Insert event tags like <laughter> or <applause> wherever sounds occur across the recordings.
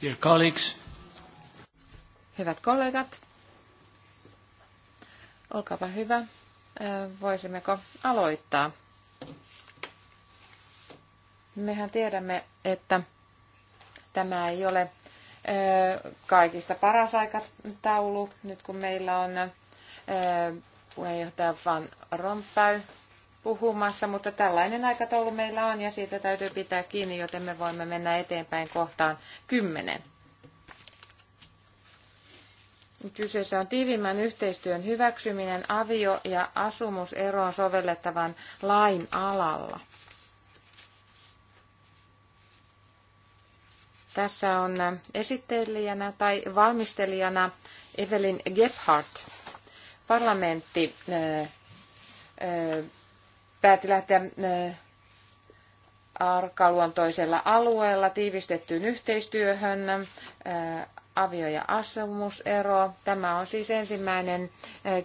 Dear colleagues. Hyvät kollegat, olkaapa hyvä. Voisimmeko aloittaa? Mehän tiedämme, että tämä ei ole kaikista paras aikataulu, nyt kun meillä on puheenjohtaja Van Rompuy puhumassa, mutta tällainen aikataulu meillä on ja siitä täytyy pitää kiinni, joten me voimme mennä eteenpäin kohtaan kymmenen. Kyseessä on tiivimmän yhteistyön hyväksyminen avio- ja asumuseroon sovellettavan lain alalla. Tässä on esittelijänä tai valmistelijana Evelyn Gebhardt. Parlamentti päätti lähteä arkaluontoisella alueella tiivistettyyn yhteistyöhön avio- ja asumusero. Tämä on siis ensimmäinen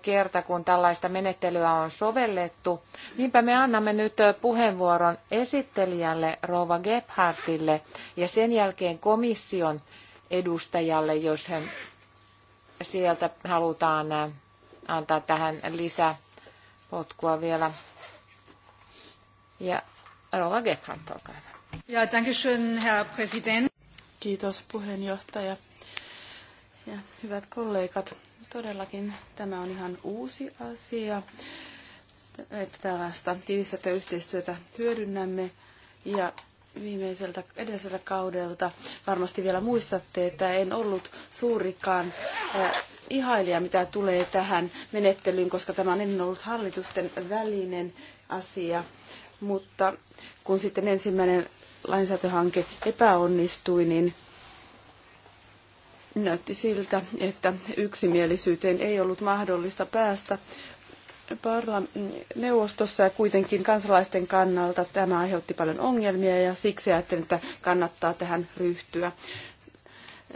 kerta, kun tällaista menettelyä on sovellettu. Niinpä me annamme nyt puheenvuoron esittelijälle Rova Gebhardtille ja sen jälkeen komission edustajalle, jos hän sieltä halutaan antaa tähän lisäpotkua vielä ja Rova Gebhardt, Ja, dankeschön, herr Kiitos puheenjohtaja. Ja hyvät kollegat, todellakin tämä on ihan uusi asia, että tällaista tiivistettä yhteistyötä hyödynnämme. Ja viimeiseltä edelliseltä kaudelta varmasti vielä muistatte, että en ollut suurikaan äh, ihailija, mitä tulee tähän menettelyyn, koska tämä on ennen ollut hallitusten välinen asia mutta kun sitten ensimmäinen lainsäätöhanke epäonnistui, niin näytti siltä, että yksimielisyyteen ei ollut mahdollista päästä neuvostossa ja kuitenkin kansalaisten kannalta tämä aiheutti paljon ongelmia ja siksi ajattelin, että kannattaa tähän ryhtyä.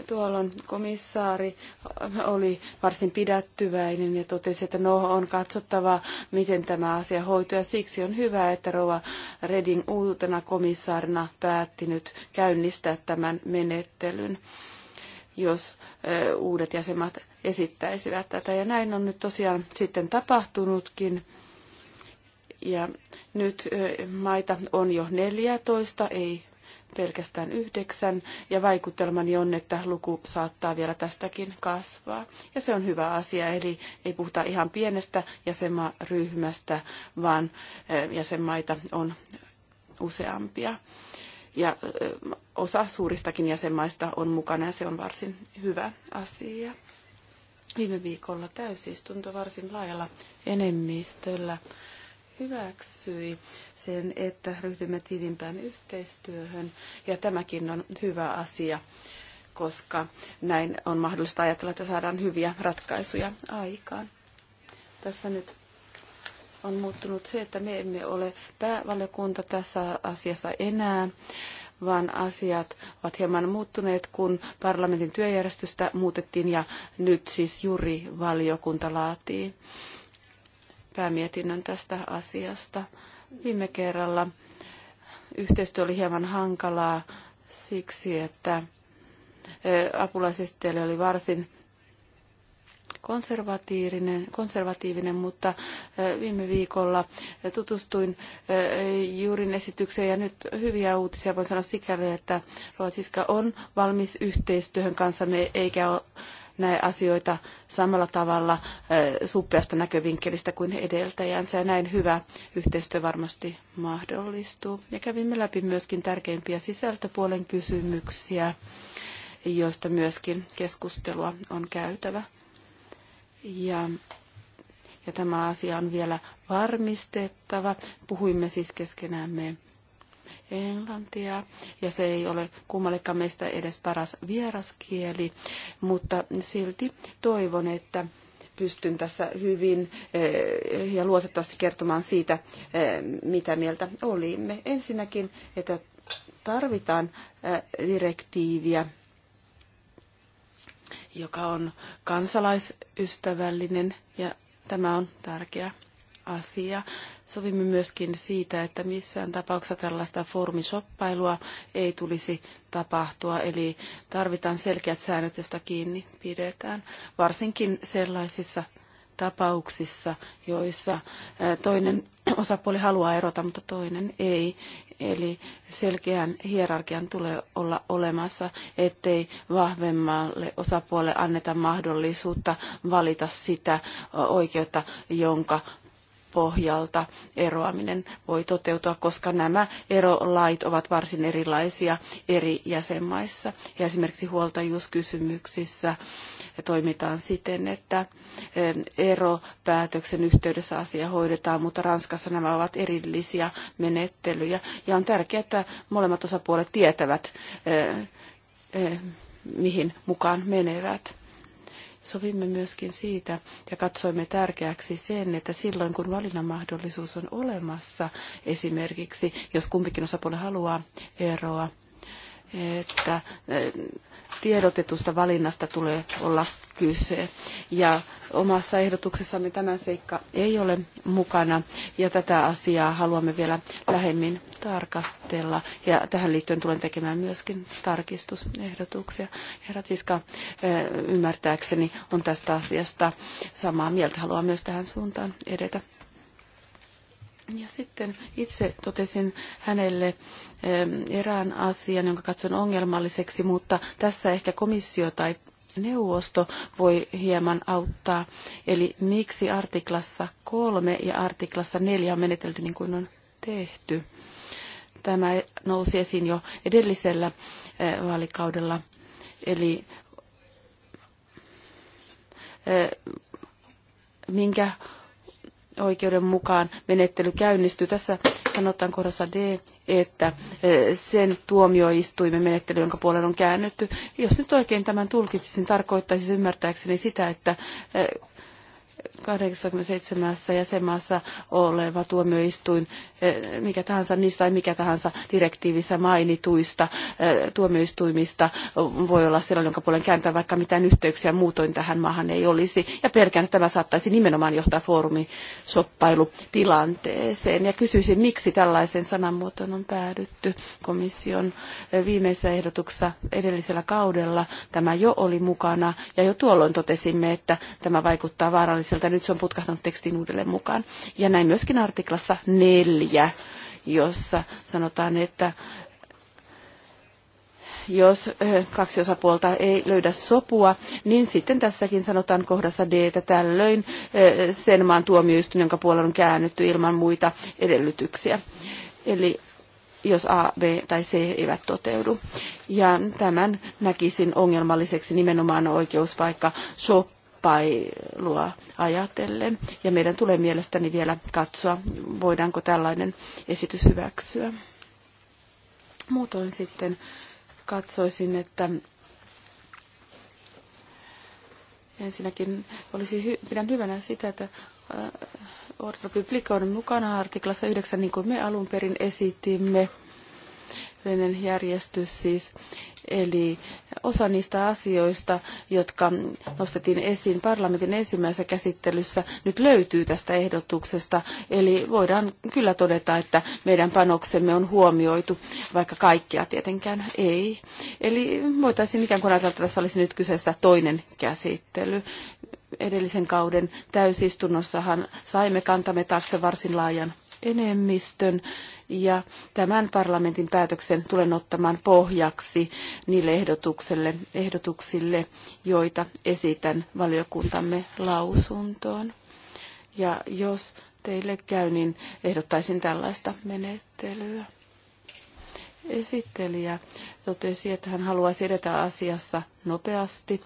Tuolloin komissaari oli varsin pidättyväinen ja totesi, että no on katsottava, miten tämä asia hoituu. Ja siksi on hyvä, että Rova Reding uutena komissaarina päätti nyt käynnistää tämän menettelyn, jos uudet jäsenmaat esittäisivät tätä. Ja näin on nyt tosiaan sitten tapahtunutkin. Ja nyt maita on jo 14, ei pelkästään yhdeksän, ja vaikutelmani on, että luku saattaa vielä tästäkin kasvaa. Ja se on hyvä asia, eli ei puhuta ihan pienestä jäsenmaaryhmästä, vaan eh, jäsenmaita on useampia. Ja eh, osa suuristakin jäsenmaista on mukana, ja se on varsin hyvä asia. Viime viikolla täysistunto varsin laajalla enemmistöllä hyväksyi sen, että ryhdymme tiivimpään yhteistyöhön, ja tämäkin on hyvä asia, koska näin on mahdollista ajatella, että saadaan hyviä ratkaisuja aikaan. Tässä nyt on muuttunut se, että me emme ole päävaliokunta tässä asiassa enää, vaan asiat ovat hieman muuttuneet, kun parlamentin työjärjestystä muutettiin ja nyt siis juuri valiokunta laatii päämietinnön tästä asiasta. Viime kerralla yhteistyö oli hieman hankalaa siksi, että apulaisesittelijä oli varsin konservatiivinen, konservatiivinen, mutta viime viikolla tutustuin Juurin esitykseen ja nyt hyviä uutisia voin sanoa sikäli, että Ruotsiska on valmis yhteistyöhön kanssamme eikä näe asioita samalla tavalla suppeasta näkövinkkelistä kuin edeltäjänsä. Ja näin hyvä yhteistyö varmasti mahdollistuu. Ja kävimme läpi myöskin tärkeimpiä sisältöpuolen kysymyksiä, joista myöskin keskustelua on käytävä. Ja ja tämä asia on vielä varmistettava. Puhuimme siis keskenämme englantia ja se ei ole kummallekaan meistä edes paras vieraskieli, mutta silti toivon, että pystyn tässä hyvin eh, ja luotettavasti kertomaan siitä, eh, mitä mieltä olimme. Ensinnäkin, että tarvitaan eh, direktiiviä, joka on kansalaisystävällinen ja tämä on tärkeää asia. Sovimme myöskin siitä, että missään tapauksessa tällaista foorumishoppailua ei tulisi tapahtua, eli tarvitaan selkeät säännöt, joista kiinni pidetään, varsinkin sellaisissa tapauksissa, joissa toinen osapuoli haluaa erota, mutta toinen ei. Eli selkeän hierarkian tulee olla olemassa, ettei vahvemmalle osapuolelle anneta mahdollisuutta valita sitä oikeutta, jonka pohjalta eroaminen voi toteutua, koska nämä erolait ovat varsin erilaisia eri jäsenmaissa. Ja esimerkiksi huoltajuuskysymyksissä toimitaan siten, että eropäätöksen yhteydessä asia hoidetaan, mutta Ranskassa nämä ovat erillisiä menettelyjä. Ja on tärkeää, että molemmat osapuolet tietävät, mihin mukaan menevät Sovimme myöskin siitä ja katsoimme tärkeäksi sen, että silloin kun valinnan mahdollisuus on olemassa, esimerkiksi jos kumpikin osapuoli haluaa eroa, että eh, tiedotetusta valinnasta tulee olla kyse. Ja omassa ehdotuksessamme tämä seikka ei ole mukana ja tätä asiaa haluamme vielä lähemmin tarkastella. Ja tähän liittyen tulen tekemään myöskin tarkistusehdotuksia. Herra Tiska eh, ymmärtääkseni on tästä asiasta samaa mieltä. Haluaa myös tähän suuntaan edetä. Ja sitten itse totesin hänelle erään asian, jonka katson ongelmalliseksi, mutta tässä ehkä komissio tai neuvosto voi hieman auttaa. Eli miksi artiklassa kolme ja artiklassa neljä on menetelty niin kuin on tehty? Tämä nousi esiin jo edellisellä eh, vaalikaudella. Eli eh, minkä oikeuden mukaan menettely käynnistyy. Tässä sanotaan kohdassa D, että eh, sen tuomioistuimen menettely, jonka puolen on käännetty, Jos nyt oikein tämän tulkitsisin, tarkoittaisi ymmärtääkseni sitä, että eh, 87 jäsenmaassa oleva tuomioistuin, eh, mikä tahansa niistä tai mikä tahansa direktiivissä mainituista eh, tuomioistuimista voi olla sellainen, jonka puolen kääntää vaikka mitään yhteyksiä muutoin tähän maahan ei olisi. Ja pelkään, että tämä saattaisi nimenomaan johtaa foorumin soppailutilanteeseen. Ja kysyisin, miksi tällaisen sananmuotoon on päädytty komission eh, viimeisessä ehdotuksessa edellisellä kaudella. Tämä jo oli mukana ja jo tuolloin totesimme, että tämä vaikuttaa vaaralliselta että nyt se on putkahtanut tekstiin uudelleen mukaan. Ja näin myöskin artiklassa neljä, jossa sanotaan, että jos kaksi osapuolta ei löydä sopua, niin sitten tässäkin sanotaan kohdassa D, että tällöin sen maan tuomioistuin, jonka puolella on käännytty ilman muita edellytyksiä. Eli jos A, B tai C eivät toteudu. Ja tämän näkisin ongelmalliseksi nimenomaan oikeuspaikka shop kilpailua ajatellen. Ja meidän tulee mielestäni vielä katsoa, voidaanko tällainen esitys hyväksyä. Muutoin sitten katsoisin, että ensinnäkin olisi hy- pidän hyvänä sitä, että Ordre äh, Public on mukana artiklassa 9, niin kuin me alun perin esitimme yleinen järjestys siis. Eli osa niistä asioista, jotka nostettiin esiin parlamentin ensimmäisessä käsittelyssä, nyt löytyy tästä ehdotuksesta. Eli voidaan kyllä todeta, että meidän panoksemme on huomioitu, vaikka kaikkea tietenkään ei. Eli voitaisiin ikään kuin ajatella, että tässä olisi nyt kyseessä toinen käsittely edellisen kauden täysistunnossahan saimme kantamme taakse varsin laajan enemmistön ja tämän parlamentin päätöksen tulen ottamaan pohjaksi niille ehdotukselle, ehdotuksille, joita esitän valiokuntamme lausuntoon. Ja jos teille käy, niin ehdottaisin tällaista menettelyä. Esittelijä totesi, että hän haluaisi edetä asiassa nopeasti.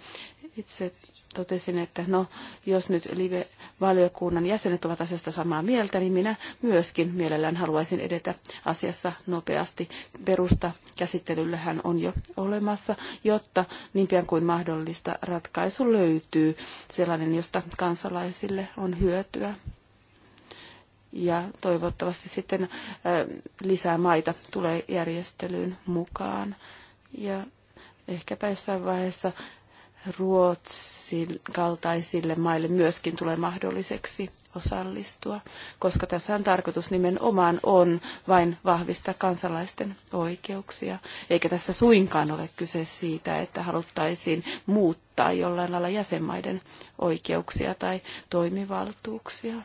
Itse totesin, että no, jos nyt live-valiokunnan jäsenet ovat asiasta samaa mieltä, niin minä myöskin mielellään haluaisin edetä asiassa nopeasti. Perusta käsittelyllähän on jo olemassa, jotta niin pian kuin mahdollista ratkaisu löytyy, sellainen, josta kansalaisille on hyötyä. Ja toivottavasti sitten äh, lisää maita tulee järjestelyyn mukaan. Ja ehkäpä jossain vaiheessa Ruotsin kaltaisille maille myöskin tulee mahdolliseksi osallistua, koska tässä on tarkoitus nimenomaan on vain vahvistaa kansalaisten oikeuksia. Eikä tässä suinkaan ole kyse siitä, että haluttaisiin muuttaa jollain lailla jäsenmaiden oikeuksia tai toimivaltuuksia.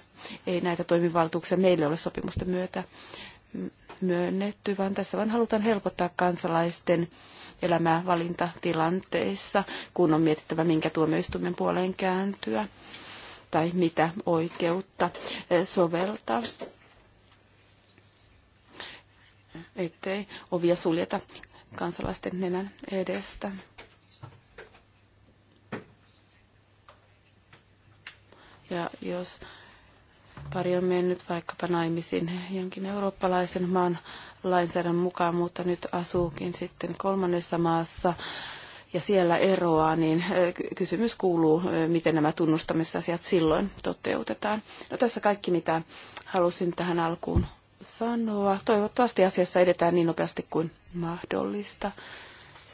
Ei näitä toimivaltuuksia meille ole sopimusten myötä myönnetty, vaan tässä vain halutaan helpottaa kansalaisten elämää valintatilanteissa, kun on mietittävä, minkä tuomioistuimen puoleen kääntyä tai mitä oikeutta soveltaa ettei ovia suljeta kansalaisten nenän edestä. Ja jos pari on mennyt vaikkapa naimisiin jonkin eurooppalaisen maan lainsäädännön mukaan, mutta nyt asuukin sitten kolmannessa maassa ja siellä eroaa, niin kysymys kuuluu, miten nämä tunnustamisasiat silloin toteutetaan. No tässä kaikki, mitä halusin tähän alkuun sanoa. Toivottavasti asiassa edetään niin nopeasti kuin mahdollista.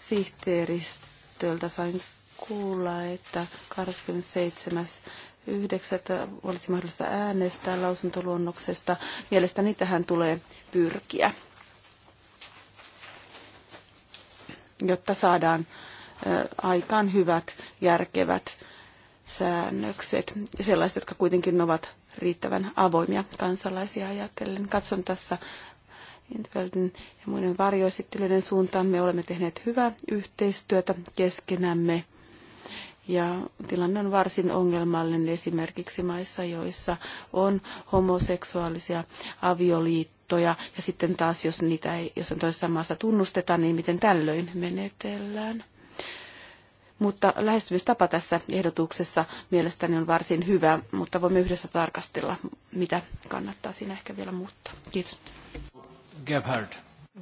Sihteeristöltä sain kuulla, että 27. 9. olisi mahdollista äänestää lausuntoluonnoksesta. Mielestäni tähän tulee pyrkiä, jotta saadaan aikaan hyvät, järkevät säännökset, sellaiset, jotka kuitenkin ovat riittävän avoimia kansalaisia ajatellen. Katson tässä Intveldin ja muiden varjoesittelyiden suuntaan. Me olemme tehneet hyvää yhteistyötä keskenämme ja tilanne on varsin ongelmallinen esimerkiksi maissa, joissa on homoseksuaalisia avioliittoja. Ja sitten taas, jos niitä ei on toisessa maassa tunnusteta, niin miten tällöin menetellään. Mutta lähestymistapa tässä ehdotuksessa mielestäni on varsin hyvä, mutta voimme yhdessä tarkastella, mitä kannattaa siinä ehkä vielä muuttaa. Kiitos. Gebhard.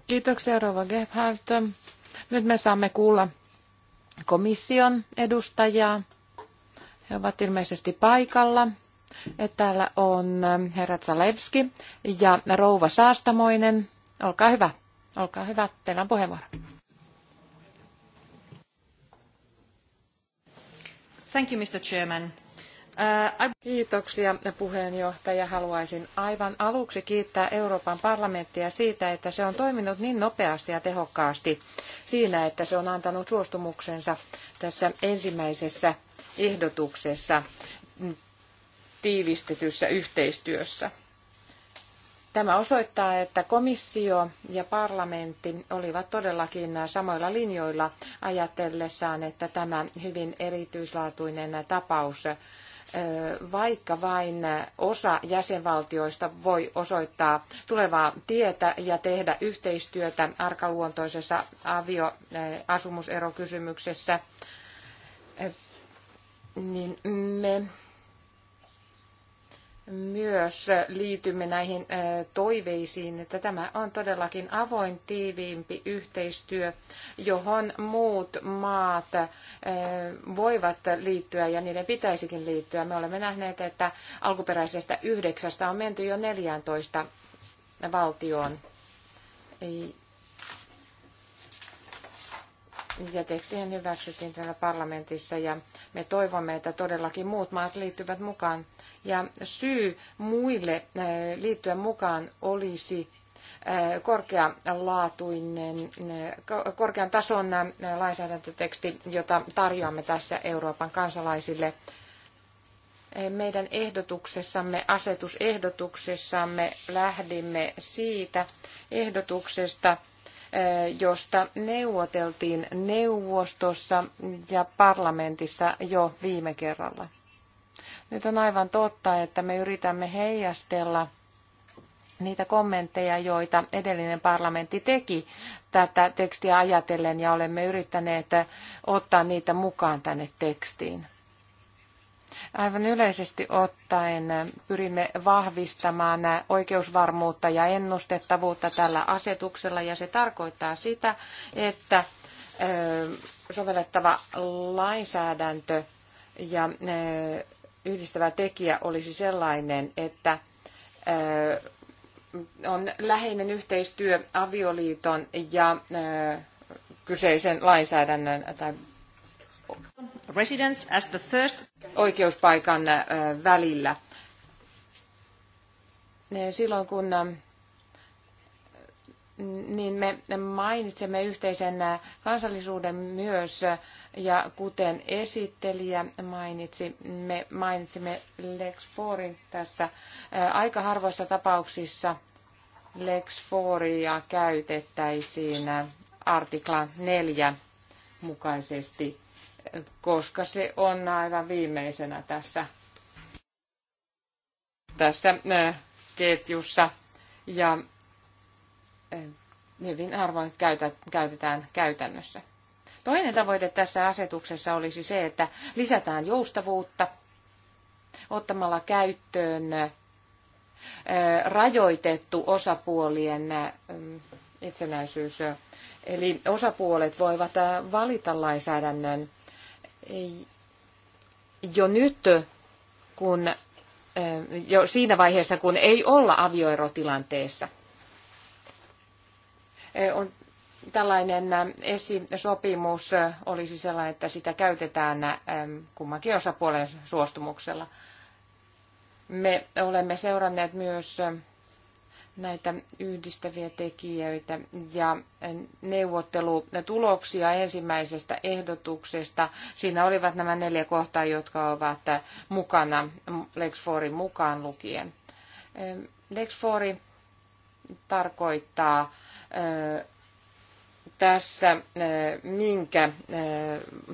Kiitoksia, Rova Gebhardt. Nyt me saamme kuulla komission edustajaa. He ovat ilmeisesti paikalla. Täällä on ähm, herra Zalewski ja rouva Saastamoinen. Olkaa hyvä. Olkaa hyvä. Teillä on puheenvuoro. Thank you, Mr. Chairman. Uh, Kiitoksia puheenjohtaja. Haluaisin aivan aluksi kiittää Euroopan parlamenttia siitä, että se on toiminut niin nopeasti ja tehokkaasti siinä, että se on antanut suostumuksensa tässä ensimmäisessä ehdotuksessa tiivistetyssä yhteistyössä. Tämä osoittaa, että komissio ja parlamentti olivat todellakin samoilla linjoilla ajatellessaan, että tämä hyvin erityislaatuinen tapaus vaikka vain osa jäsenvaltioista voi osoittaa tulevaa tietä ja tehdä yhteistyötä arkaluontoisessa avioasumuserokysymyksessä, niin me myös liitymme näihin toiveisiin, että tämä on todellakin avoin tiiviimpi yhteistyö, johon muut maat voivat liittyä ja niiden pitäisikin liittyä. Me olemme nähneet, että alkuperäisestä yhdeksästä on menty jo 14 valtioon ja tekstien hyväksyttiin täällä parlamentissa ja me toivomme, että todellakin muut maat liittyvät mukaan. Ja syy muille äh, liittyä mukaan olisi äh, korkealaatuinen, äh, korkean tason lainsäädäntöteksti, jota tarjoamme tässä Euroopan kansalaisille. Meidän ehdotuksessamme, asetusehdotuksessamme lähdimme siitä ehdotuksesta, josta neuvoteltiin neuvostossa ja parlamentissa jo viime kerralla. Nyt on aivan totta, että me yritämme heijastella niitä kommentteja, joita edellinen parlamentti teki tätä tekstiä ajatellen, ja olemme yrittäneet ottaa niitä mukaan tänne tekstiin. Aivan yleisesti ottaen pyrimme vahvistamaan oikeusvarmuutta ja ennustettavuutta tällä asetuksella ja se tarkoittaa sitä, että sovellettava lainsäädäntö ja yhdistävä tekijä olisi sellainen, että on läheinen yhteistyö avioliiton ja kyseisen lainsäädännön tai oikeuspaikan äh, välillä. Silloin kun äh, niin me mainitsemme yhteisen äh, kansallisuuden myös, ja kuten esittelijä mainitsi, me mainitsimme Lex Forin tässä. Aika harvoissa tapauksissa Lex Foria käytettäisiin artikla 4 mukaisesti koska se on aivan viimeisenä tässä, tässä ketjussa. Ja hyvin harvoin käytetään käytännössä. Toinen tavoite tässä asetuksessa olisi se, että lisätään joustavuutta ottamalla käyttöön rajoitettu osapuolien itsenäisyys. Eli osapuolet voivat valita lainsäädännön jo nyt, kun, jo siinä vaiheessa, kun ei olla avioerotilanteessa. On tällainen esisopimus olisi sellainen, että sitä käytetään kummankin osapuolen suostumuksella. Me olemme seuranneet myös näitä yhdistäviä tekijöitä ja neuvottelutuloksia ensimmäisestä ehdotuksesta. Siinä olivat nämä neljä kohtaa, jotka ovat mukana Lex Forin mukaan lukien. Lex Fori tarkoittaa tässä, minkä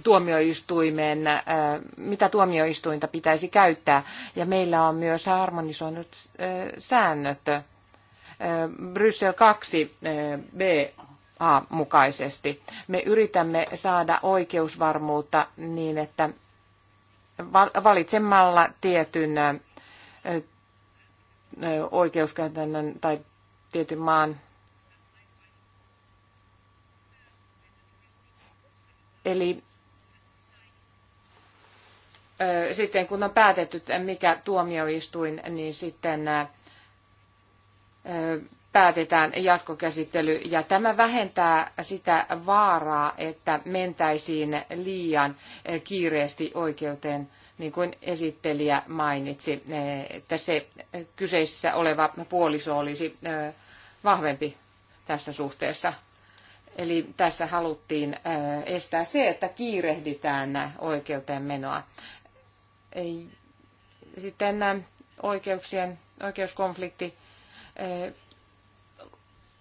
tuomioistuimen, mitä tuomioistuinta pitäisi käyttää. Ja meillä on myös harmonisoinut säännöt Bryssel 2 B A mukaisesti. Me yritämme saada oikeusvarmuutta niin, että valitsemalla tietyn oikeuskäytännön tai tietyn maan Eli sitten kun on päätetty, mikä tuomioistuin, niin sitten päätetään jatkokäsittely ja tämä vähentää sitä vaaraa, että mentäisiin liian kiireesti oikeuteen, niin kuin esittelijä mainitsi, että se kyseessä oleva puoliso olisi vahvempi tässä suhteessa. Eli tässä haluttiin estää se, että kiirehditään oikeuteen menoa. Sitten oikeuksien, oikeuskonflikti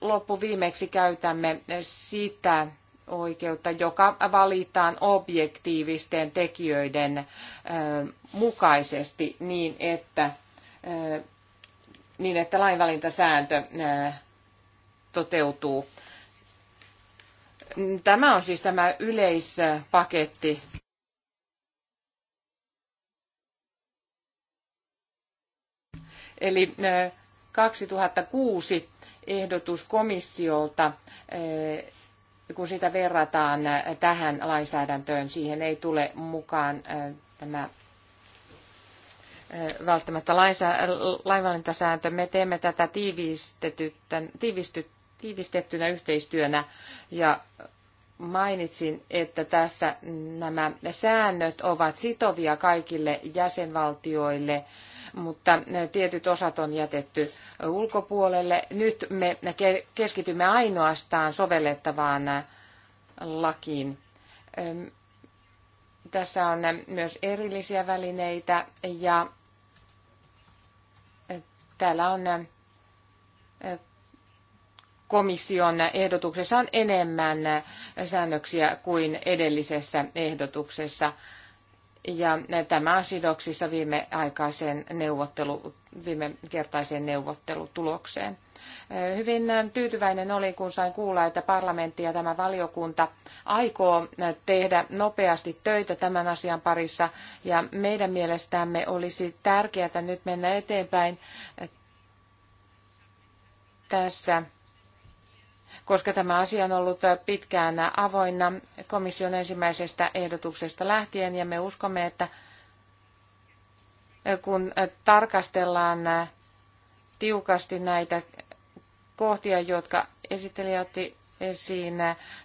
loppuviimeksi käytämme sitä oikeutta, joka valitaan objektiivisten tekijöiden mukaisesti niin, että, niin, että lainvalintasääntö toteutuu. Tämä on siis tämä yleispaketti. Eli äh, 2006 ehdotus komissiolta, eh, kun sitä verrataan tähän lainsäädäntöön, siihen ei tule mukaan eh, tämä eh, välttämättä lainvalintasääntö. Me teemme tätä tiivistettynä yhteistyönä ja mainitsin, että tässä nämä säännöt ovat sitovia kaikille jäsenvaltioille mutta tietyt osat on jätetty ulkopuolelle. Nyt me keskitymme ainoastaan sovellettavaan lakiin. Tässä on myös erillisiä välineitä ja täällä on komission ehdotuksessa on enemmän säännöksiä kuin edellisessä ehdotuksessa. Ja tämä on sidoksissa viime aikaiseen neuvottelu, viime kertaiseen neuvottelutulokseen. Hyvin tyytyväinen oli, kun sain kuulla, että parlamentti ja tämä valiokunta aikoo tehdä nopeasti töitä tämän asian parissa. Ja meidän mielestämme olisi tärkeää nyt mennä eteenpäin tässä koska tämä asia on ollut pitkään avoinna komission ensimmäisestä ehdotuksesta lähtien, ja me uskomme, että kun tarkastellaan tiukasti näitä kohtia, jotka esittelijä otti esiin,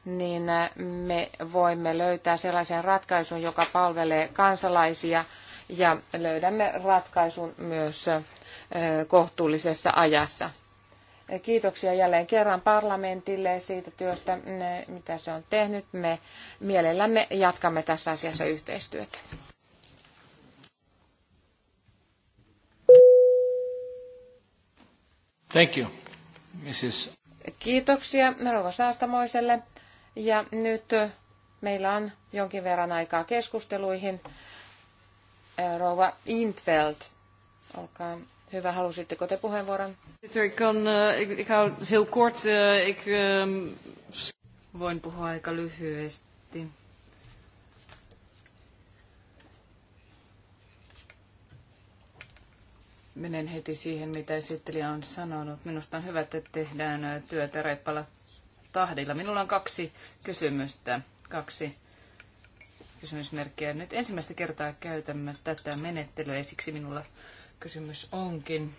niin me voimme löytää sellaisen ratkaisun, joka palvelee kansalaisia, ja löydämme ratkaisun myös kohtuullisessa ajassa. Kiitoksia jälleen kerran parlamentille siitä työstä, mm, mitä se on tehnyt. Me mielellämme jatkamme tässä asiassa yhteistyötä. Thank you, Mrs. Kiitoksia Rouva Saastamoiselle. Ja nyt meillä on jonkin verran aikaa keskusteluihin. Rova Intveld, olkaa Hyvä, halusitteko te puheenvuoron? Voin puhua aika lyhyesti. Menen heti siihen, mitä esittelijä on sanonut. Minusta on hyvä, että tehdään eh, työtä reippaalla tahdilla. Minulla on kaksi kysymystä, kaksi kysymysmerkkiä. Nyt ensimmäistä kertaa käytämme tätä menettelyä ja siksi minulla kysymys onkin.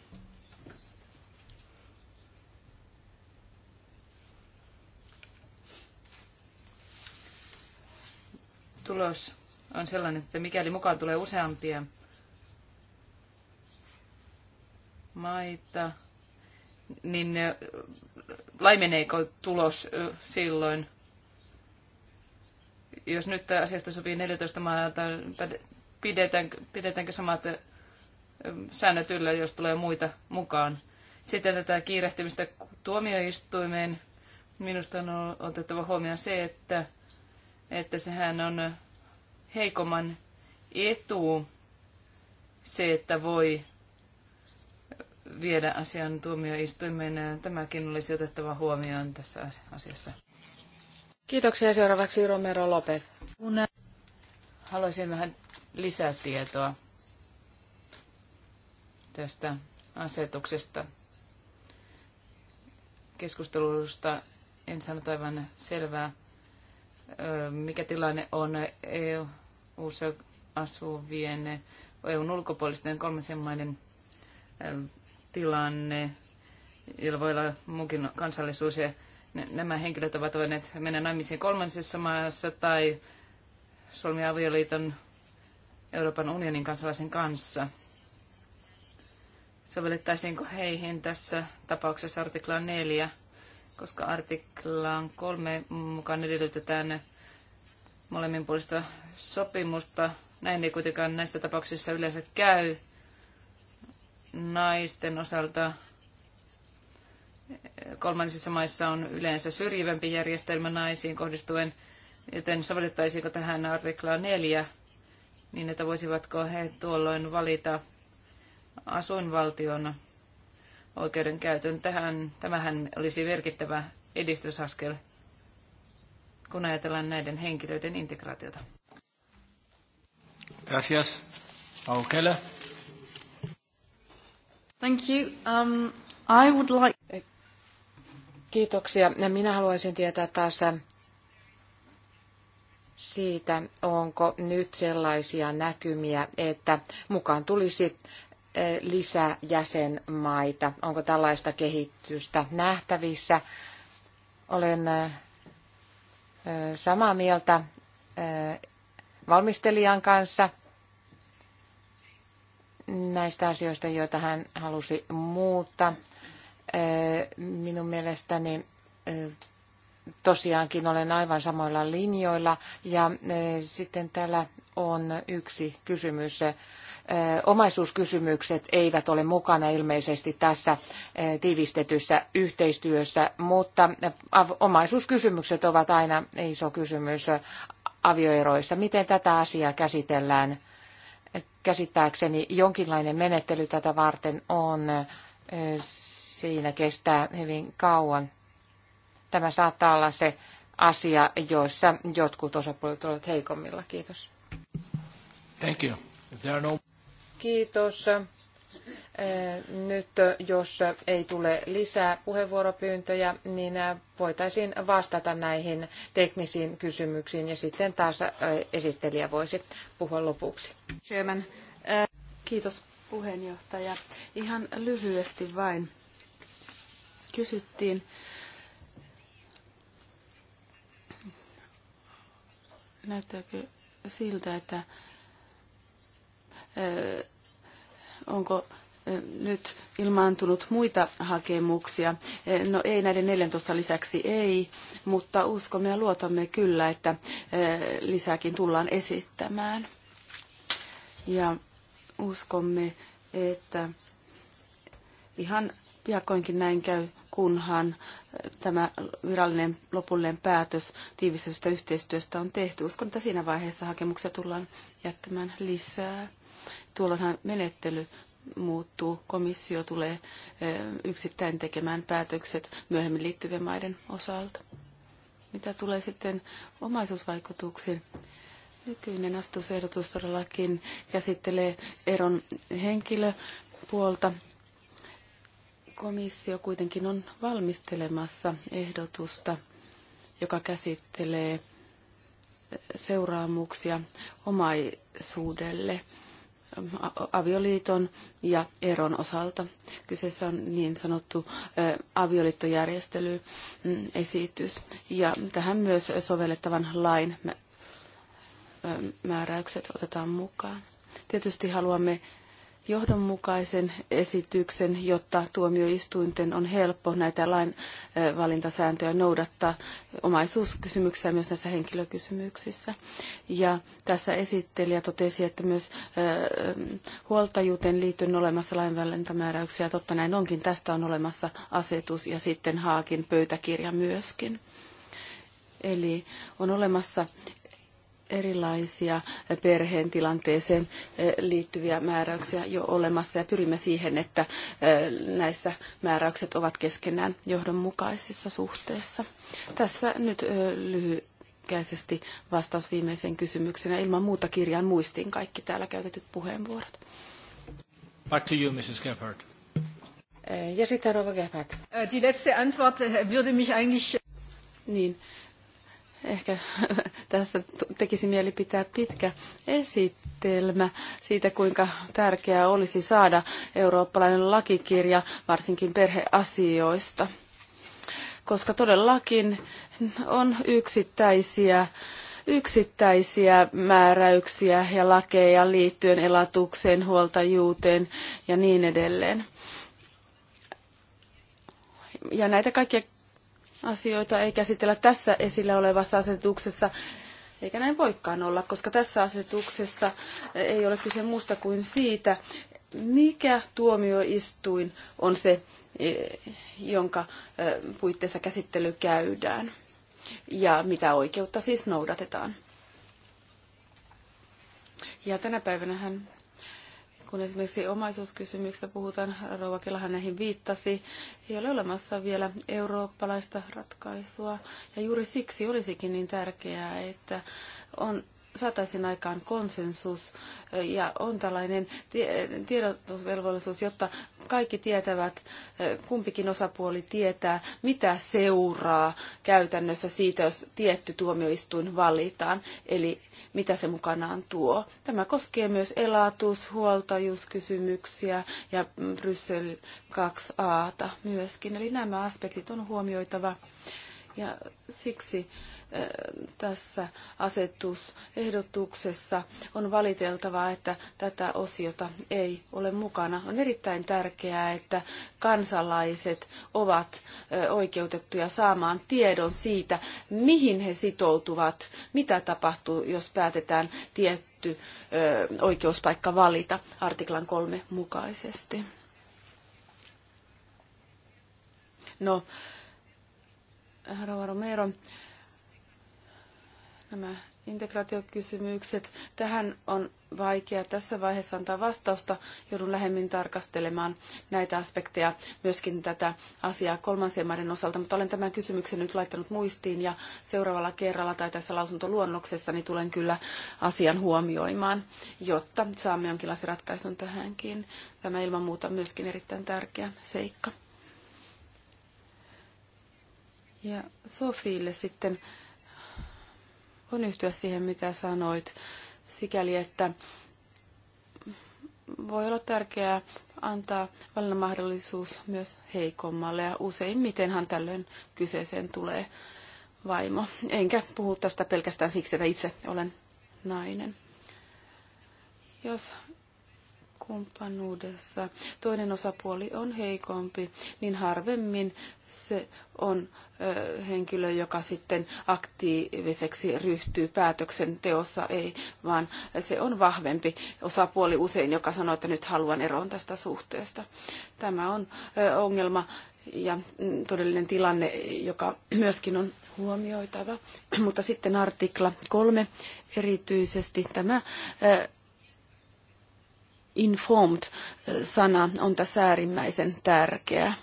Tulos on sellainen, että mikäli mukaan tulee useampia maita, niin laimeneeko tulos silloin? Jos nyt asiasta sopii 14 maata, pidetäänkö, pidetäänkö samat säännöt yllä, jos tulee muita mukaan. Sitten tätä kiirehtimistä tuomioistuimeen. Minusta on otettava huomioon se, että, että sehän on heikomman etu se, että voi viedä asian tuomioistuimeen. Tämäkin olisi otettava huomioon tässä asiassa. Kiitoksia. Seuraavaksi Romero Lopez. Haluaisin vähän lisätietoa tästä asetuksesta. Keskustelusta en saanut aivan selvää, mikä tilanne on EU-ssa asuvien EUn ulkopuolisten kolmansien maiden tilanne, jolla voi olla munkin kansallisuus. Ja nämä henkilöt ovat voineet mennä naimisiin kolmansessa maassa tai solmia avioliiton Euroopan unionin kansalaisen kanssa – sovellettaisiinko heihin tässä tapauksessa artikla 4, koska artiklaan 3 mukaan edellytetään molemminpuolista sopimusta. Näin ei kuitenkaan näissä tapauksissa yleensä käy naisten osalta kolmansissa maissa on yleensä syrjivämpi järjestelmä naisiin kohdistuen, joten sovellettaisiinko tähän artiklaa 4, niin että voisivatko he tuolloin valita asuinvaltion oikeudenkäytön. Tähän, tämähän olisi merkittävä edistysaskel, kun ajatellaan näiden henkilöiden integraatiota. Gracias. Paul Keller. Thank you. Um, I would like... Kiitoksia. Minä haluaisin tietää taas äh, siitä, onko nyt sellaisia näkymiä, että mukaan tulisi lisää jäsenmaita? Onko tällaista kehitystä nähtävissä? Olen samaa mieltä valmistelijan kanssa näistä asioista, joita hän halusi muuttaa. Minun mielestäni tosiaankin olen aivan samoilla linjoilla. Ja sitten täällä on yksi kysymys omaisuuskysymykset eivät ole mukana ilmeisesti tässä tiivistetyssä yhteistyössä, mutta omaisuuskysymykset ovat aina iso kysymys avioeroissa. Miten tätä asiaa käsitellään? Käsittääkseni jonkinlainen menettely tätä varten on. Siinä kestää hyvin kauan. Tämä saattaa olla se asia, joissa jotkut osapuolet ovat heikommilla. Kiitos. Thank you. If there are no... Kiitos. Eh, nyt jos ei tule lisää puheenvuoropyyntöjä, niin eh, voitaisiin vastata näihin teknisiin kysymyksiin ja sitten taas eh, esittelijä voisi puhua lopuksi. Kiitos puheenjohtaja. Ihan lyhyesti vain kysyttiin näyttääkö siltä, että onko nyt ilmaantunut muita hakemuksia. No ei näiden 14 lisäksi ei, mutta uskomme ja luotamme kyllä, että lisääkin tullaan esittämään. Ja uskomme, että ihan piakoinkin näin käy, kunhan tämä virallinen lopullinen päätös tiivistetystä yhteistyöstä on tehty. Uskon, että siinä vaiheessa hakemuksia tullaan jättämään lisää tuollahan menettely muuttuu. Komissio tulee eh, yksittäin tekemään päätökset myöhemmin liittyvien maiden osalta. Mitä tulee sitten omaisuusvaikutuksiin? Nykyinen astusehdotus todellakin käsittelee eron henkilöpuolta. Komissio kuitenkin on valmistelemassa ehdotusta, joka käsittelee seuraamuksia omaisuudelle avioliiton ja eron osalta. Kyseessä on niin sanottu avioliittojärjestelyesitys mm, ja tähän myös sovellettavan lain määräykset otetaan mukaan. Tietysti haluamme johdonmukaisen esityksen, jotta tuomioistuinten on helppo näitä lainvalintasääntöjä noudattaa omaisuuskysymyksiä myös näissä henkilökysymyksissä. Ja tässä esittelijä totesi, että myös huoltajuuteen liittyen olemassa lainvalintamääräyksiä. Totta näin onkin. Tästä on olemassa asetus ja sitten Haakin pöytäkirja myöskin. Eli on olemassa erilaisia perheen tilanteeseen eh, liittyviä määräyksiä jo olemassa ja pyrimme siihen, että eh, näissä määräykset ovat keskenään johdonmukaisissa suhteessa. Tässä nyt eh, lyhykäisesti vastaus viimeiseen kysymykseen. Ilman muuta kirjaan muistiin kaikki täällä käytetyt puheenvuorot. Back to you, Mrs. Gebhardt. Ja sitten Rova Gebhardt. Äh, die letzte Antwort äh, würde mich eigentlich... Niin, Ehkä <laughs> tässä tekisi mieli pitää pitkä esittelmä siitä, kuinka tärkeää olisi saada eurooppalainen lakikirja, varsinkin perheasioista. Koska todellakin on yksittäisiä yksittäisiä määräyksiä ja lakeja liittyen elatukseen, huoltajuuteen ja niin edelleen. Ja näitä kaikkia asioita ei käsitellä tässä esillä olevassa asetuksessa, eikä näin voikaan olla, koska tässä asetuksessa ei ole kyse muusta kuin siitä, mikä tuomioistuin on se, e, jonka e, puitteissa käsittely käydään ja mitä oikeutta siis noudatetaan. Ja tänä päivänä kun esimerkiksi omaisuuskysymyksestä puhutaan, Rouva Kelahan näihin viittasi, ei ole olemassa vielä eurooppalaista ratkaisua. Ja juuri siksi olisikin niin tärkeää, että on saataisiin aikaan konsensus ja on tällainen tiedotusvelvollisuus, jotta kaikki tietävät, kumpikin osapuoli tietää, mitä seuraa käytännössä siitä, jos tietty tuomioistuin valitaan. Eli mitä se mukanaan tuo. Tämä koskee myös elatus-, huoltajuuskysymyksiä ja Bryssel 2a myöskin. Eli nämä aspektit on huomioitava ja siksi tässä asetusehdotuksessa on valiteltavaa, että tätä osiota ei ole mukana. On erittäin tärkeää, että kansalaiset ovat oikeutettuja saamaan tiedon siitä, mihin he sitoutuvat, mitä tapahtuu, jos päätetään tietty oikeuspaikka valita artiklan kolme mukaisesti. No, Rova Romero, nämä integraatiokysymykset. Tähän on vaikea tässä vaiheessa antaa vastausta. Joudun lähemmin tarkastelemaan näitä aspekteja, myöskin tätä asiaa kolmansien maiden osalta, mutta olen tämän kysymyksen nyt laittanut muistiin ja seuraavalla kerralla tai tässä lausuntoluonnoksessa niin tulen kyllä asian huomioimaan, jotta saamme jonkinlaisen ratkaisun tähänkin. Tämä ilman muuta on myöskin erittäin tärkeä seikka. Ja Sofiille sitten Voin yhtyä siihen, mitä sanoit, sikäli että voi olla tärkeää antaa mahdollisuus myös heikommalle ja useimmitenhan tällöin kyseeseen tulee vaimo. Enkä puhu tästä pelkästään siksi, että itse olen nainen. Jos kumppanuudessa toinen osapuoli on heikompi, niin harvemmin se on henkilö, joka sitten aktiiviseksi ryhtyy päätöksenteossa, ei, vaan se on vahvempi osapuoli usein, joka sanoo, että nyt haluan eroon tästä suhteesta. Tämä on ongelma ja mm, todellinen tilanne, joka myöskin on huomioitava. <clears throat> Mutta sitten artikla kolme erityisesti tämä informed-sana eh, on tässä äärimmäisen tärkeä.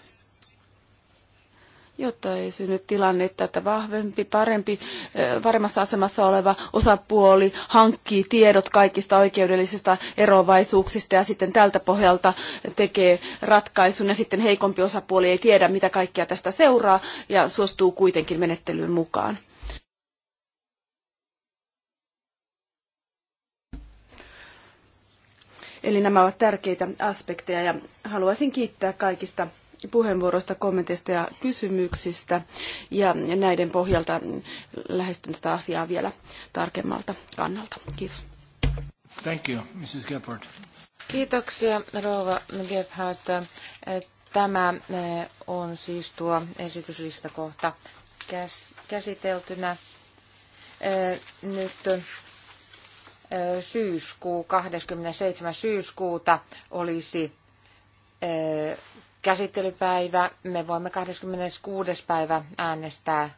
Jotta ei synny tilannetta, että vahvempi, parempi, eh, paremmassa asemassa oleva osapuoli hankkii tiedot kaikista oikeudellisista eroavaisuuksista ja sitten tältä pohjalta tekee ratkaisun ja sitten heikompi osapuoli ei tiedä, mitä kaikkea tästä seuraa ja suostuu kuitenkin menettelyyn mukaan. Eli nämä ovat tärkeitä aspekteja ja haluaisin kiittää kaikista puheenvuoroista, kommenteista ja kysymyksistä. Ja näiden pohjalta lähestyn tätä asiaa vielä tarkemmalta kannalta. Kiitos. Thank you, Mrs. Gebhardt. Kiitoksia, Rouva Gebhardt. Tämä eh, on siis tuo esityslistakohta käsiteltynä. Eh, nyt syyskuu, 27. syyskuuta olisi käsittelypäivä. Me voimme 26. päivä äänestää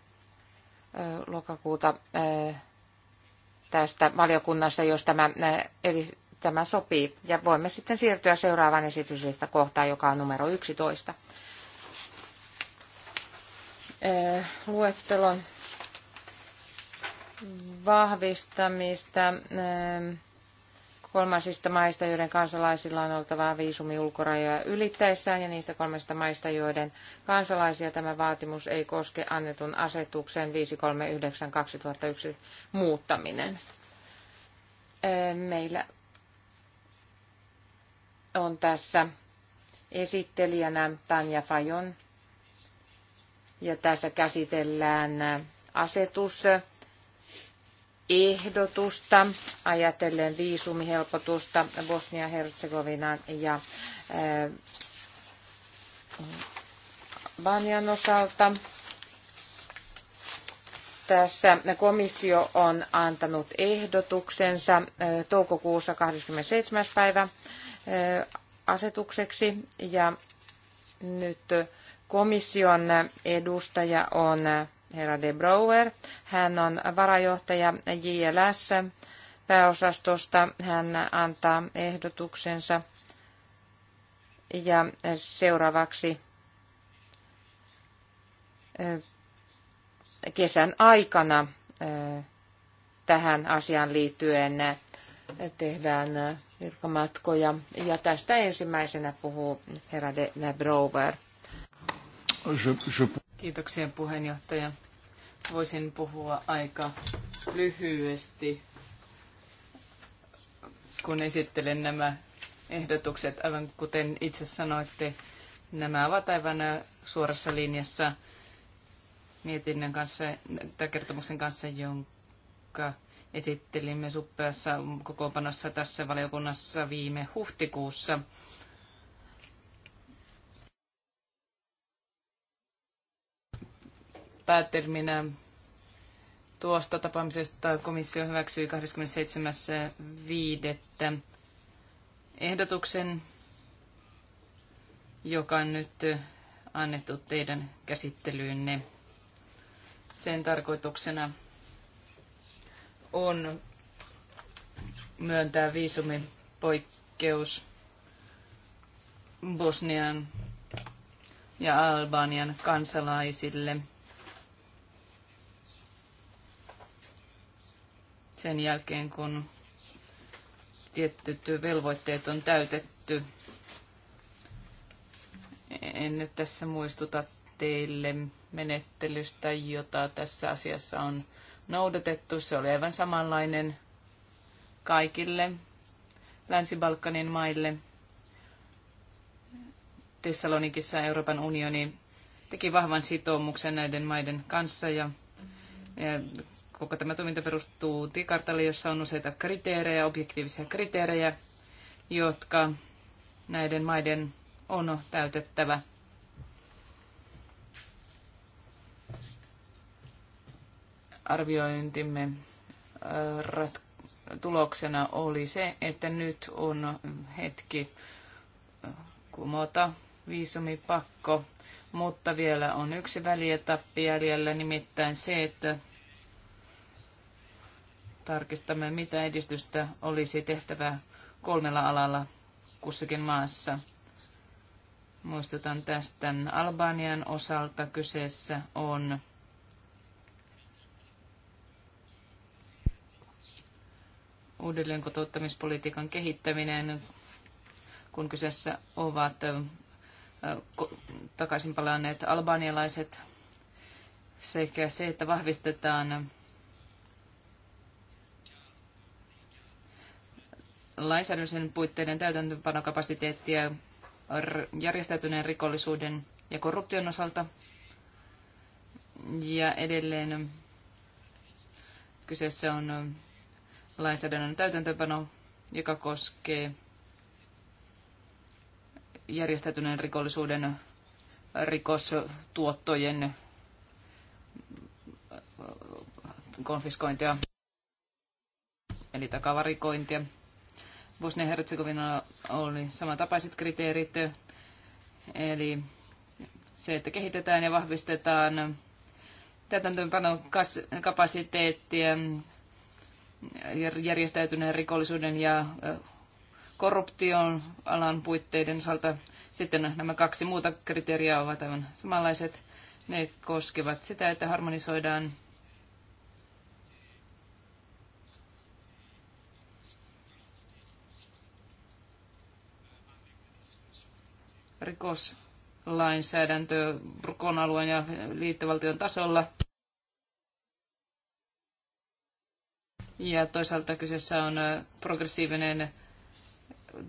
lokakuuta tästä valiokunnassa, jos tämä, eli tämä sopii. Ja voimme sitten siirtyä seuraavaan esityslistä kohtaan, joka on numero 11. Luettelon vahvistamista ähm, kolmansista maista, joiden kansalaisilla on oltava viisumi ulkorajoja ylittäessään ja niistä kolmesta maista, joiden kansalaisia tämä vaatimus ei koske annetun asetuksen 539-2001 muuttaminen. Ähm, meillä on tässä esittelijänä Tanja Fajon ja tässä käsitellään asetus ehdotusta ajatellen viisumihelpotusta Bosnia-Herzegovinaan ja Albanian äh, osalta. Tässä komissio on antanut ehdotuksensa äh, toukokuussa 27. päivä äh, asetukseksi ja nyt komission edustaja on herra De Brouwer. Hän on varajohtaja JLS pääosastosta. Hän antaa ehdotuksensa. Ja seuraavaksi kesän aikana tähän asiaan liittyen tehdään virkamatkoja. Ja tästä ensimmäisenä puhuu herra de Brouwer. Je, je... Kiitoksia puheenjohtaja. Voisin puhua aika lyhyesti, kun esittelen nämä ehdotukset. Aivan kuten itse sanoitte, nämä ovat aivan suorassa linjassa mietinnön kanssa, tai kertomuksen kanssa, jonka esittelimme suppeassa kokoonpanossa tässä valiokunnassa viime huhtikuussa. päätelminä tuosta tapaamisesta komissio hyväksyi 27.5. ehdotuksen, joka on nyt annettu teidän käsittelyynne. Sen tarkoituksena on myöntää viisumipoikkeus Bosnian ja Albanian kansalaisille – sen jälkeen, kun tietyt velvoitteet on täytetty. En nyt tässä muistuta teille menettelystä, jota tässä asiassa on noudatettu. Se oli aivan samanlainen kaikille Länsi-Balkanin maille. Tessalonikissa Euroopan unioni teki vahvan sitoumuksen näiden maiden kanssa ja, ja Koko tämä toiminta perustuu tiekartalle, jossa on useita kriteerejä, objektiivisia kriteerejä, jotka näiden maiden on täytettävä. Arviointimme äh, tuloksena oli se, että nyt on hetki äh, kumota viisumipakko, mutta vielä on yksi välietappi jäljellä, nimittäin se, että tarkistamme, mitä edistystä olisi tehtävä kolmella alalla kussakin maassa. Muistutan tästä Albanian osalta kyseessä on uudelleenkotouttamispolitiikan kehittäminen, kun kyseessä ovat takaisin palanneet albanialaiset sekä se, että vahvistetaan Lainsäädännön puitteiden täytäntöönpanokapasiteettia järjestäytyneen rikollisuuden ja korruption osalta. Ja edelleen kyseessä on lainsäädännön täytäntöönpano, joka koskee järjestäytyneen rikollisuuden rikostuottojen konfiskointia, eli takavarikointia. Bosnia-Herzegovina oli samantapaiset kriteerit, eli se, että kehitetään ja vahvistetaan täytäntöönpanon kapasiteettia järjestäytyneen rikollisuuden ja korruption alan puitteiden osalta. Sitten nämä kaksi muuta kriteeriä ovat aivan samanlaiset. Ne koskevat sitä, että harmonisoidaan rikoslainsäädäntö Brukon alueen ja liittovaltion tasolla. Ja toisaalta kyseessä on progressiivinen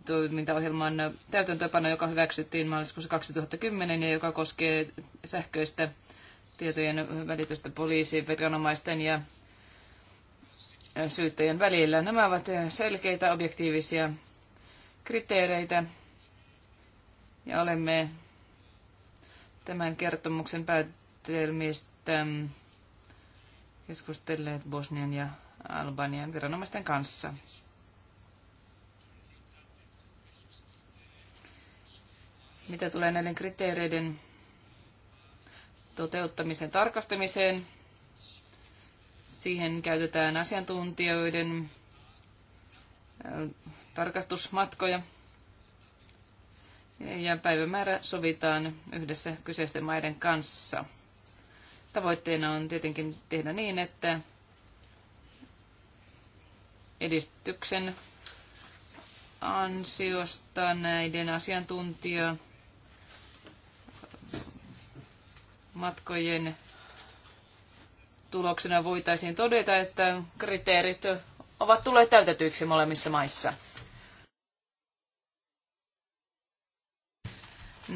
toimintaohjelman täytäntöpano, joka hyväksyttiin maaliskuussa 2010 ja joka koskee sähköistä tietojen välitystä poliisiin, viranomaisten ja syyttäjän välillä. Nämä ovat selkeitä objektiivisia kriteereitä, ja olemme tämän kertomuksen päätelmistä keskustelleet Bosnian ja Albanian viranomaisten kanssa. Mitä tulee näiden kriteereiden toteuttamisen tarkastamiseen, siihen käytetään asiantuntijoiden tarkastusmatkoja ja päivämäärä sovitaan yhdessä kyseisten maiden kanssa. Tavoitteena on tietenkin tehdä niin, että edistyksen ansiosta näiden asiantuntija matkojen tuloksena voitaisiin todeta, että kriteerit ovat tulleet täytetyiksi molemmissa maissa.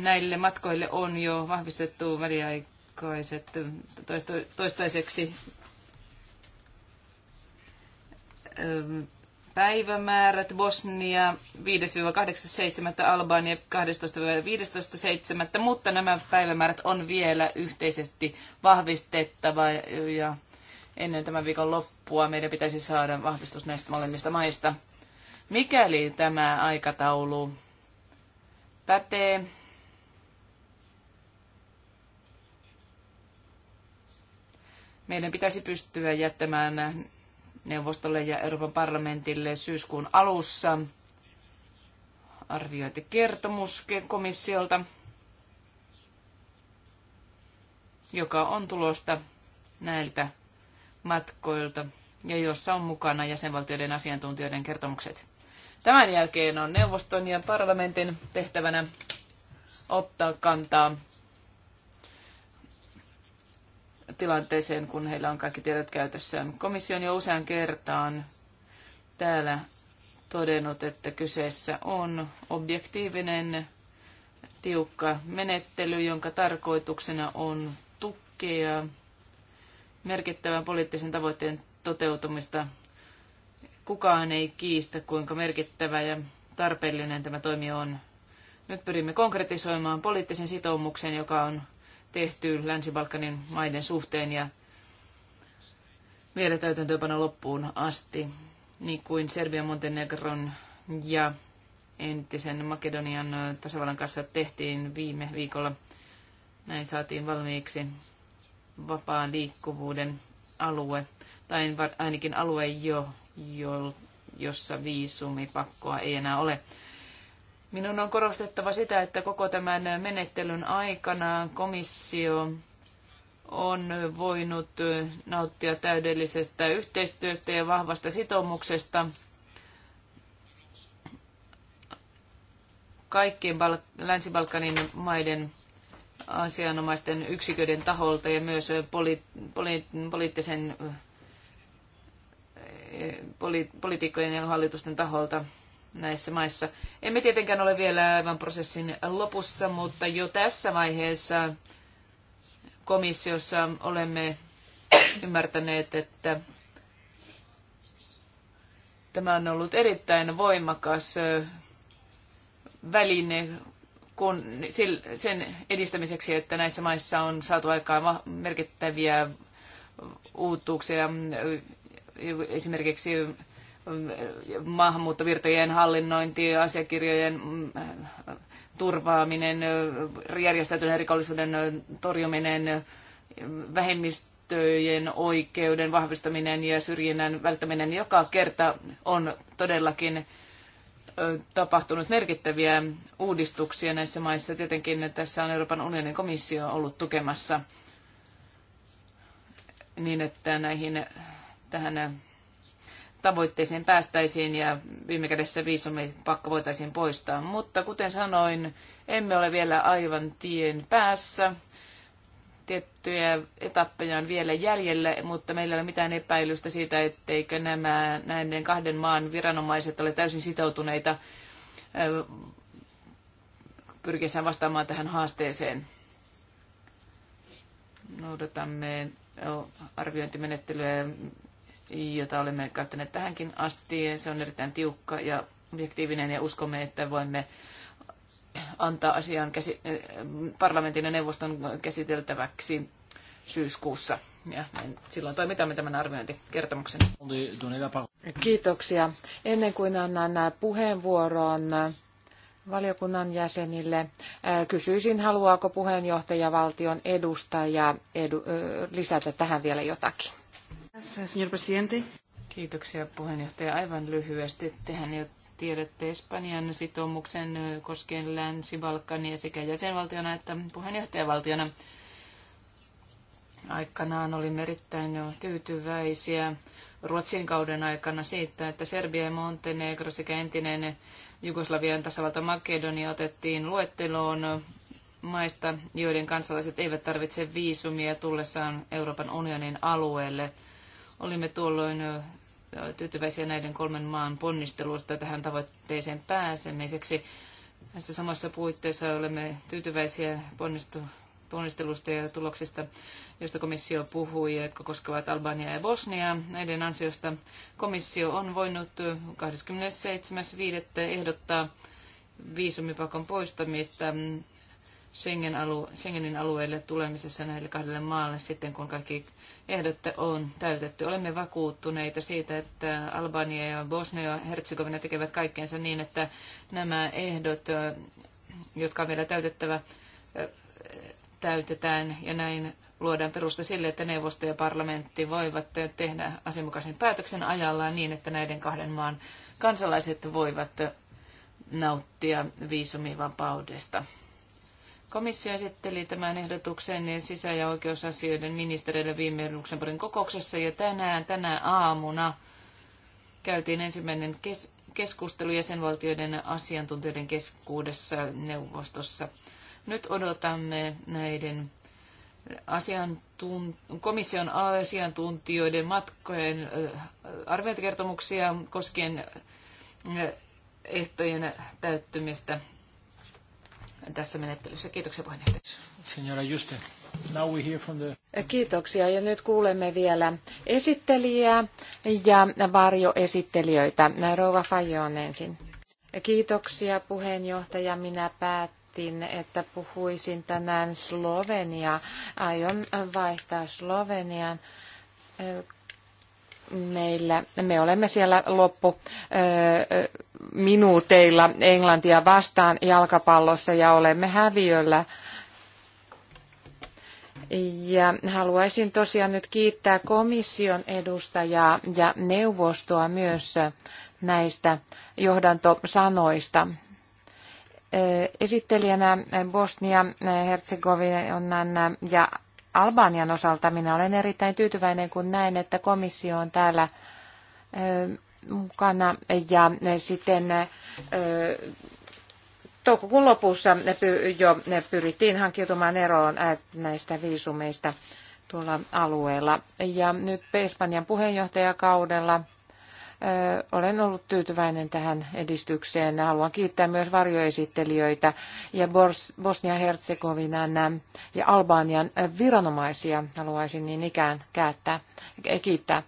näille matkoille on jo vahvistettu väliaikaiset toistaiseksi ähm, päivämäärät Bosnia 5-8.7. Albania 12-15.7. Mutta nämä päivämäärät on vielä yhteisesti vahvistettava ja ennen tämän viikon loppua meidän pitäisi saada vahvistus näistä molemmista maista. Mikäli tämä aikataulu pätee, Meidän pitäisi pystyä jättämään neuvostolle ja Euroopan parlamentille syyskuun alussa arviointikertomus komissiolta, joka on tulosta näiltä matkoilta ja jossa on mukana jäsenvaltioiden asiantuntijoiden kertomukset. Tämän jälkeen on neuvoston ja parlamentin tehtävänä ottaa kantaa tilanteeseen, kun heillä on kaikki tiedot käytössään. Komissio on jo usean kertaan täällä todennut, että kyseessä on objektiivinen tiukka menettely, jonka tarkoituksena on tukea merkittävän poliittisen tavoitteen toteutumista. Kukaan ei kiistä, kuinka merkittävä ja tarpeellinen tämä toimi on. Nyt pyrimme konkretisoimaan poliittisen sitoumuksen, joka on tehty Länsi-Balkanin maiden suhteen ja vielä täytäntöönpano loppuun asti, niin kuin Serbian, Montenegron ja entisen Makedonian tasavallan kanssa tehtiin viime viikolla. Näin saatiin valmiiksi vapaan liikkuvuuden alue, tai ainakin alue jo, jo jossa viisumipakkoa ei enää ole. Minun on korostettava sitä, että koko tämän menettelyn aikana komissio on voinut nauttia täydellisestä yhteistyöstä ja vahvasta sitoumuksesta kaikkien Bal- Länsi-Balkanin maiden asianomaisten yksiköiden taholta ja myös poli- poli- poliittisen eh, poli- poliitikkojen ja hallitusten taholta näissä maissa. Emme tietenkään ole vielä aivan prosessin lopussa, mutta jo tässä vaiheessa komissiossa olemme ymmärtäneet, että tämä on ollut erittäin voimakas väline kun, sen edistämiseksi, että näissä maissa on saatu aikaan merkittäviä uutuuksia, esimerkiksi maahanmuuttovirtojen hallinnointi, asiakirjojen mm, turvaaminen, järjestäytyneen rikollisuuden torjuminen, vähemmistöjen oikeuden vahvistaminen ja syrjinnän välttäminen. Joka kerta on todellakin tapahtunut merkittäviä uudistuksia näissä maissa. Tietenkin tässä on Euroopan unionin komissio ollut tukemassa niin, että näihin tähän tavoitteeseen päästäisiin ja viime kädessä viisumipakko voitaisiin poistaa. Mutta kuten sanoin, emme ole vielä aivan tien päässä. Tiettyjä etappeja on vielä jäljellä, mutta meillä ei ole mitään epäilystä siitä, etteikö nämä näiden kahden maan viranomaiset ole täysin sitoutuneita pyrkiessään vastaamaan tähän haasteeseen. Noudatamme arviointimenettelyä jota olemme käyttäneet tähänkin asti. Se on erittäin tiukka ja objektiivinen ja uskomme, että voimme antaa asian käsi- eh, parlamentin ja neuvoston käsiteltäväksi syyskuussa. Ja näin silloin toimitamme tämän arviointikertomuksen. Kiitoksia. Ennen kuin annan puheenvuoron valiokunnan jäsenille, eh, kysyisin, haluaako puheenjohtaja valtion edustaja edu, eh, lisätä tähän vielä jotakin. Kiitoksia puheenjohtaja. Aivan lyhyesti. Tehän jo tiedätte Espanjan sitoumuksen koskien Länsi-Balkania sekä jäsenvaltiona että puheenjohtajavaltiona. Aikanaan olimme erittäin tyytyväisiä Ruotsin kauden aikana siitä, että Serbia ja Montenegro sekä entinen Jugoslavian tasavalta Makedonia otettiin luetteloon maista, joiden kansalaiset eivät tarvitse viisumia tullessaan Euroopan unionin alueelle – Olimme tuolloin tyytyväisiä näiden kolmen maan ponnistelusta tähän tavoitteeseen pääsemiseksi. Tässä samassa puitteissa olemme tyytyväisiä ponnistelusta ja tuloksista, joista komissio puhui, jotka koskevat Albaniaa ja Bosniaa. Näiden ansiosta komissio on voinut 27.5. ehdottaa viisumipakon poistamista Schengen alu Schengenin alueelle tulemisessa näille kahdelle maalle sitten, kun kaikki ehdot on täytetty. Olemme vakuuttuneita siitä, että Albania ja Bosnia ja Herzegovina tekevät kaikkeensa niin, että nämä ehdot, jotka on vielä täytettävä, täytetään ja näin luodaan perusta sille, että neuvosto ja parlamentti voivat tehdä asianmukaisen päätöksen ajallaan niin, että näiden kahden maan kansalaiset voivat nauttia viisumivapaudesta. Komissio esitteli tämän ehdotuksen niin sisä- ja oikeusasioiden ministereille viime Luxemburgin kokouksessa ja tänään, tänä aamuna käytiin ensimmäinen kes- keskustelu jäsenvaltioiden asiantuntijoiden keskuudessa neuvostossa. Nyt odotamme näiden asiantun- komission asiantuntijoiden matkojen äh, arviointikertomuksia koskien äh, ehtojen täyttymistä tässä menettelyssä. Kiitoksia puheenjohtaja. Signora Juste. Now we hear from the... Kiitoksia ja nyt kuulemme vielä esittelijää ja varjoesittelijöitä. Rouva Fajon ensin. Kiitoksia puheenjohtaja. Minä päätin, että puhuisin tänään Slovenia. Aion vaihtaa Slovenian meillä, me olemme siellä loppu minuuteilla Englantia vastaan jalkapallossa ja olemme häviöllä. Ja haluaisin tosiaan nyt kiittää komission edustajaa ja neuvostoa myös näistä johdantosanoista. Esittelijänä Bosnia, Herzegovina ja Albanian osalta minä olen erittäin tyytyväinen, kun näen, että komissio on täällä mukana ja sitten toukokuun lopussa jo pyrittiin hankkiutumaan eroon näistä viisumeista tuolla alueella. Ja nyt Espanjan puheenjohtajakaudella olen ollut tyytyväinen tähän edistykseen. Haluan kiittää myös varjoesittelijöitä ja Bosnia-Herzegovinan ja Albanian viranomaisia. Haluaisin niin ikään käyttää, e, kiittää.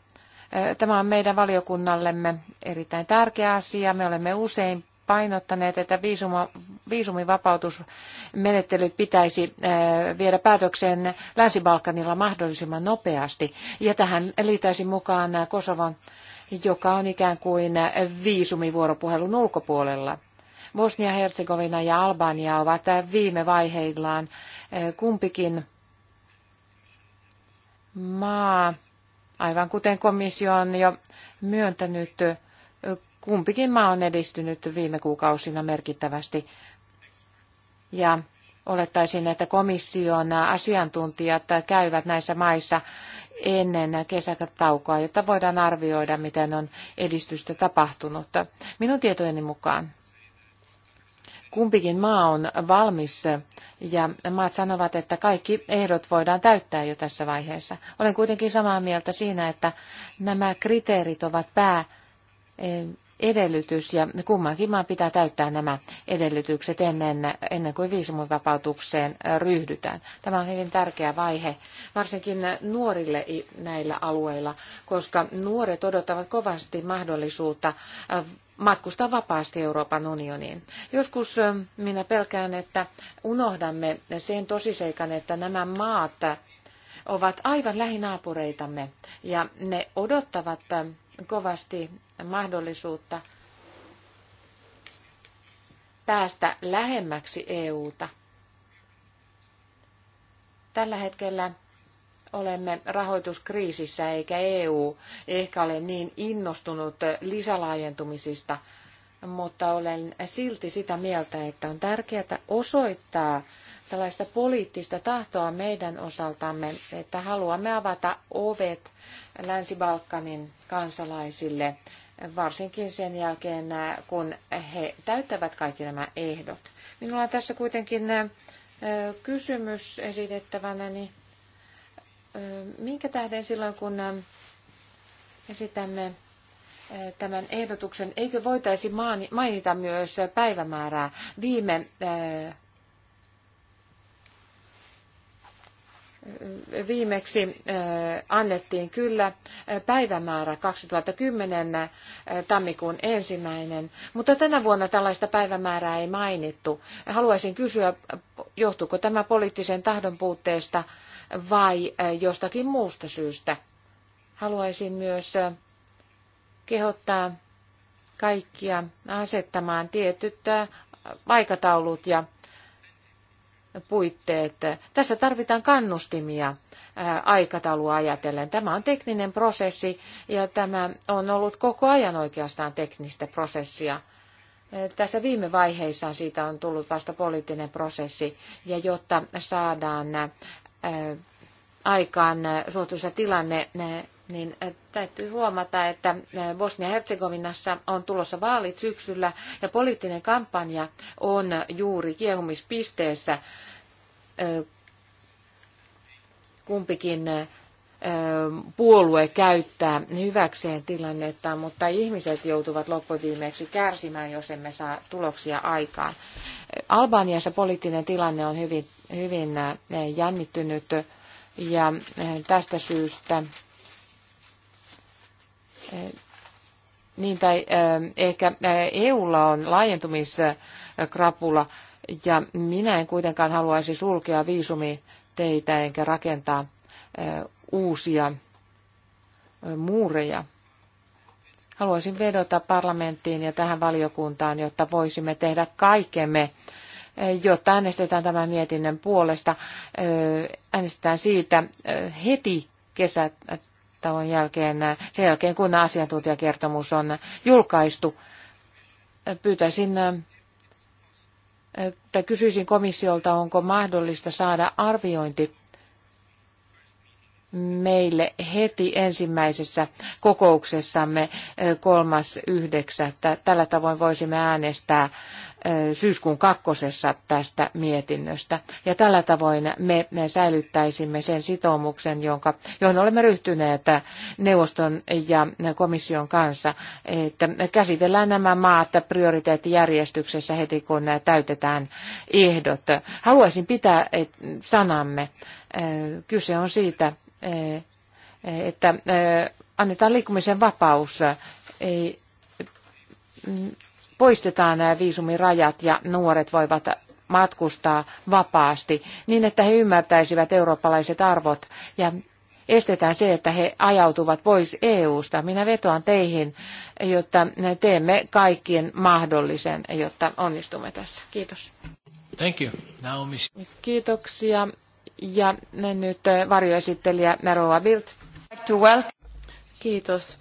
Tämä on meidän valiokunnallemme erittäin tärkeä asia. Me olemme usein painottaneet, että viisuma, viisumivapautusmenettelyt pitäisi viedä päätökseen Länsi-Balkanilla mahdollisimman nopeasti. Ja tähän liitäisi mukaan Kosovon joka on ikään kuin viisumivuoropuhelun ulkopuolella. Bosnia-Herzegovina ja Albania ovat viime vaiheillaan eh, kumpikin maa, aivan kuten komissio on jo myöntänyt, eh, kumpikin maa on edistynyt viime kuukausina merkittävästi. Ja Olettaisin, että komission asiantuntijat käyvät näissä maissa ennen kesätaukoa, jotta voidaan arvioida, miten on edistystä tapahtunut. Minun tietojeni mukaan kumpikin maa on valmis ja maat sanovat, että kaikki ehdot voidaan täyttää jo tässä vaiheessa. Olen kuitenkin samaa mieltä siinä, että nämä kriteerit ovat pää edellytys ja kummankin maan pitää täyttää nämä edellytykset ennen, ennen kuin viisumivapautukseen ryhdytään. Tämä on hyvin tärkeä vaihe, varsinkin nuorille näillä alueilla, koska nuoret odottavat kovasti mahdollisuutta äh, matkustaa vapaasti Euroopan unioniin. Joskus äh, minä pelkään, että unohdamme sen tosiseikan, että nämä maat ovat aivan lähinaapureitamme ja ne odottavat kovasti mahdollisuutta päästä lähemmäksi EUta. Tällä hetkellä olemme rahoituskriisissä eikä EU ehkä ole niin innostunut lisälaajentumisista, mutta olen silti sitä mieltä, että on tärkeää osoittaa tällaista poliittista tahtoa meidän osaltamme, että haluamme avata ovet Länsi-Balkanin kansalaisille, varsinkin sen jälkeen, kun he täyttävät kaikki nämä ehdot. Minulla on tässä kuitenkin kysymys esitettävänä, niin minkä tähden silloin, kun esitämme tämän ehdotuksen, eikö voitaisi mainita myös päivämäärää? Viime viimeksi äh, annettiin kyllä äh, päivämäärä 2010 äh, tammikuun ensimmäinen, mutta tänä vuonna tällaista päivämäärää ei mainittu. Haluaisin kysyä, johtuuko tämä poliittisen tahdon puutteesta vai jostakin muusta syystä. Haluaisin myös kehottaa kaikkia asettamaan tietyt aikataulut ja puitteet. Tässä tarvitaan kannustimia aikataulua ajatellen. Tämä on tekninen prosessi ja tämä on ollut koko ajan oikeastaan teknistä prosessia. Tässä viime vaiheissa siitä on tullut vasta poliittinen prosessi ja jotta saadaan aikaan suotuisa tilanne, niin äh, täytyy huomata, että äh, Bosnia-Herzegovinassa on tulossa vaalit syksyllä ja poliittinen kampanja on juuri kiehumispisteessä. Äh, kumpikin puolue käyttää hyväkseen tilannetta, mutta ihmiset joutuvat loppuviimeksi kärsimään, jos emme saa tuloksia aikaan. Albaniassa poliittinen tilanne on hyvin, hyvin jännittynyt ja tästä syystä niin tai ehkä EUlla on laajentumiskrapula ja minä en kuitenkaan haluaisi sulkea viisumiteitä enkä rakentaa uusia muureja. Haluaisin vedota parlamenttiin ja tähän valiokuntaan, jotta voisimme tehdä kaikemme, jotta äänestetään tämän mietinnön puolesta. Äänestetään siitä heti kesä, tauon jälkeen, sen jälkeen kun asiantuntijakertomus on julkaistu, pyytäisin tai kysyisin komissiolta, onko mahdollista saada arviointi meille heti ensimmäisessä kokouksessamme 3.9. Tällä tavoin voisimme äänestää syyskuun kakkosessa tästä mietinnöstä. Ja tällä tavoin me säilyttäisimme sen sitoumuksen, jonka, johon olemme ryhtyneet neuvoston ja komission kanssa, että käsitellään nämä maat prioriteettijärjestyksessä heti, kun täytetään ehdot. Haluaisin pitää sanamme. Kyse on siitä, Eh, eh, että eh, annetaan liikkumisen vapaus, ei, mm, poistetaan nämä viisumirajat ja nuoret voivat matkustaa vapaasti niin, että he ymmärtäisivät eurooppalaiset arvot ja estetään se, että he ajautuvat pois EU-sta. Minä vetoan teihin, jotta teemme kaikkien mahdollisen, jotta onnistumme tässä. Kiitos. Thank you. Kiitoksia. Ja nyt eh, varjoesittelijä Naroa Bilt. Kiitos.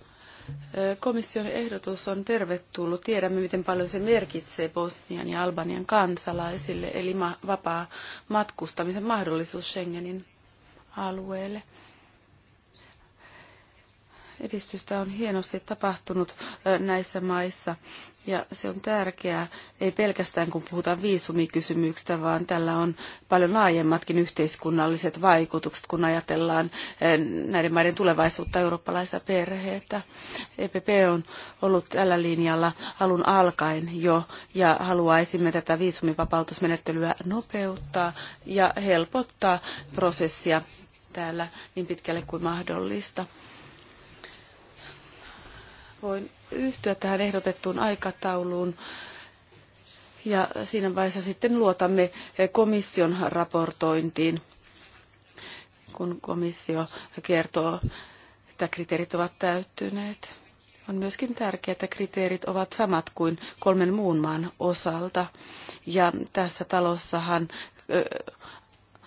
Eh, komission ehdotus on tervetullut. Tiedämme, miten paljon se merkitsee Bosnian ja Albanian kansalaisille, eli ma- vapaa matkustamisen mahdollisuus Schengenin alueelle. Edistystä on hienosti tapahtunut eh, näissä maissa ja se on tärkeää, ei pelkästään kun puhutaan viisumikysymyksistä, vaan tällä on paljon laajemmatkin yhteiskunnalliset vaikutukset, kun ajatellaan eh, näiden maiden tulevaisuutta eurooppalaisia perheitä. EPP on ollut tällä linjalla alun alkaen jo, ja haluaisimme tätä viisumivapautusmenettelyä nopeuttaa ja helpottaa prosessia täällä niin pitkälle kuin mahdollista. Voin yhtyä tähän ehdotettuun aikatauluun. Ja siinä vaiheessa sitten luotamme komission raportointiin, kun komissio kertoo, että kriteerit ovat täyttyneet. On myöskin tärkeää, että kriteerit ovat samat kuin kolmen muun maan osalta. Ja tässä talossahan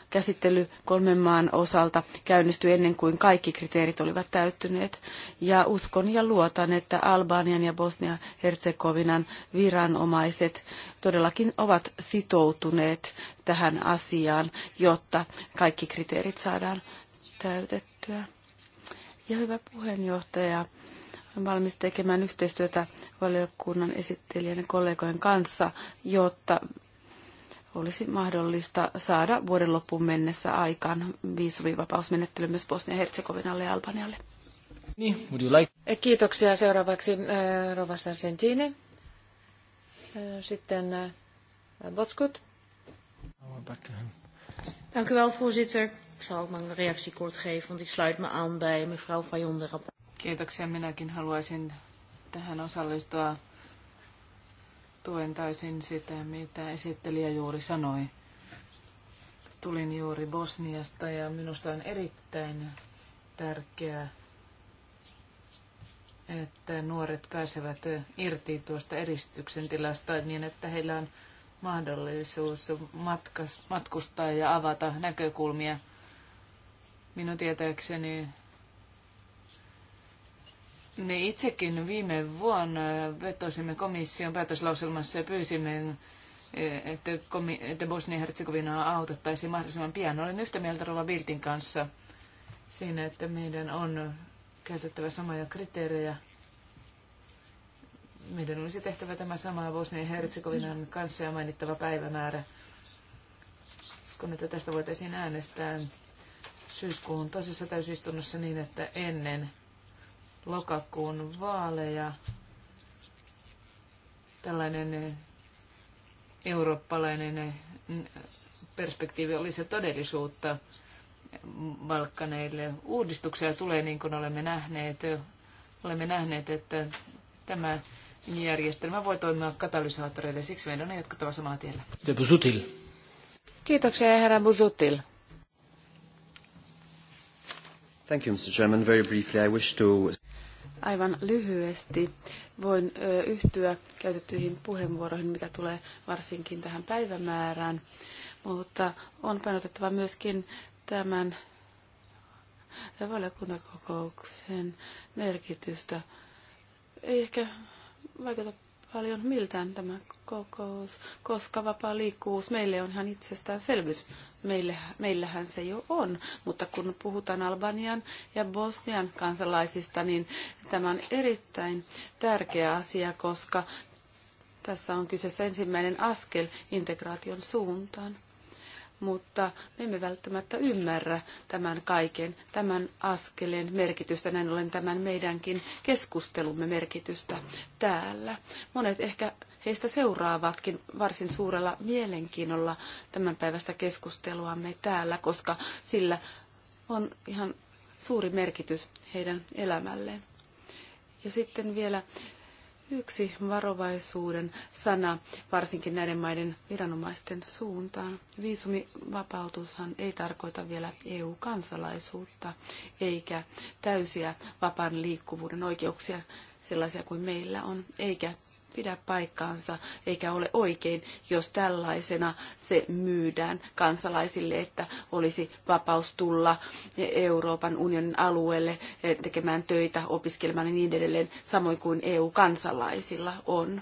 käsittely kolmen maan osalta käynnistyi ennen kuin kaikki kriteerit olivat täyttyneet. Ja uskon ja luotan, että Albanian ja Bosnia-Herzegovinan viranomaiset todellakin ovat sitoutuneet tähän asiaan, jotta kaikki kriteerit saadaan täytettyä. Ja hyvä puheenjohtaja, olen valmis tekemään yhteistyötä valiokunnan esittelijän ja kollegojen kanssa, jotta olisi mahdollista saada vuoden loppuun mennessä aikaan viisumivapausmenettely myös Bosnia-Herzegovinalle ja Albanialle. Niin, would you like? Eh, kiitoksia. Seuraavaksi äh, Rova Sargentini. Eh, sitten äh, Botskut. Dank u wel, voorzitter. Ik zal mijn reactie kort geven, want ik sluit me aan bij mevrouw Fajon de Kiitoksia. Minäkin haluaisin tähän osallistua tuen täysin sitä, mitä esittelijä juuri sanoi. Tulin juuri Bosniasta ja minusta on erittäin tärkeää, että nuoret pääsevät irti tuosta eristyksen tilasta niin, että heillä on mahdollisuus matkas, matkustaa ja avata näkökulmia. Minun tietääkseni me itsekin viime vuonna vetosimme komission päätöslauselmassa ja pyysimme, että, että Bosnia-Herzegovina autettaisiin mahdollisimman pian. Olen yhtä mieltä Rova Biltin kanssa siinä, että meidän on käytettävä samoja kriteerejä. Meidän olisi tehtävä tämä sama Bosnia-Herzegovinan kanssa ja mainittava päivämäärä. Uskon, että tästä voitaisiin äänestää syyskuun toisessa täysistunnossa niin, että ennen lokakuun vaaleja tällainen eurooppalainen perspektiivi oli se todellisuutta Balkaneille. Uudistuksia tulee, niin kuin olemme nähneet. Olemme nähneet, että tämä järjestelmä voi toimia katalysaattoreille. Siksi meidän on jatkettava samaa tiellä. Busutil. Kiitoksia, herra Busutil. Thank you, Mr. Chairman. Very briefly, I wish to... Aivan lyhyesti voin yhtyä käytettyihin puheenvuoroihin, mitä tulee varsinkin tähän päivämäärään, mutta on painotettava myöskin tämän valiokuntakokouksen merkitystä. Ei ehkä vaikuta paljon miltään tämä kokous, koska vapaa liikkuvuus meille on ihan itsestäänselvyys. Meille, meillähän se jo on, mutta kun puhutaan Albanian ja Bosnian kansalaisista, niin tämä on erittäin tärkeä asia, koska tässä on kyseessä ensimmäinen askel integraation suuntaan mutta me emme välttämättä ymmärrä tämän kaiken, tämän askeleen merkitystä, näin ollen tämän meidänkin keskustelumme merkitystä täällä. Monet ehkä heistä seuraavatkin varsin suurella mielenkiinnolla tämän päivästä keskusteluamme täällä, koska sillä on ihan suuri merkitys heidän elämälleen. Ja sitten vielä yksi varovaisuuden sana, varsinkin näiden maiden viranomaisten suuntaan. Viisumivapautushan ei tarkoita vielä EU-kansalaisuutta eikä täysiä vapaan liikkuvuuden oikeuksia sellaisia kuin meillä on, eikä pidä paikkaansa eikä ole oikein, jos tällaisena se myydään kansalaisille, että olisi vapaus tulla Euroopan unionin alueelle eh, tekemään töitä, opiskelemaan ja niin edelleen, samoin kuin EU-kansalaisilla on.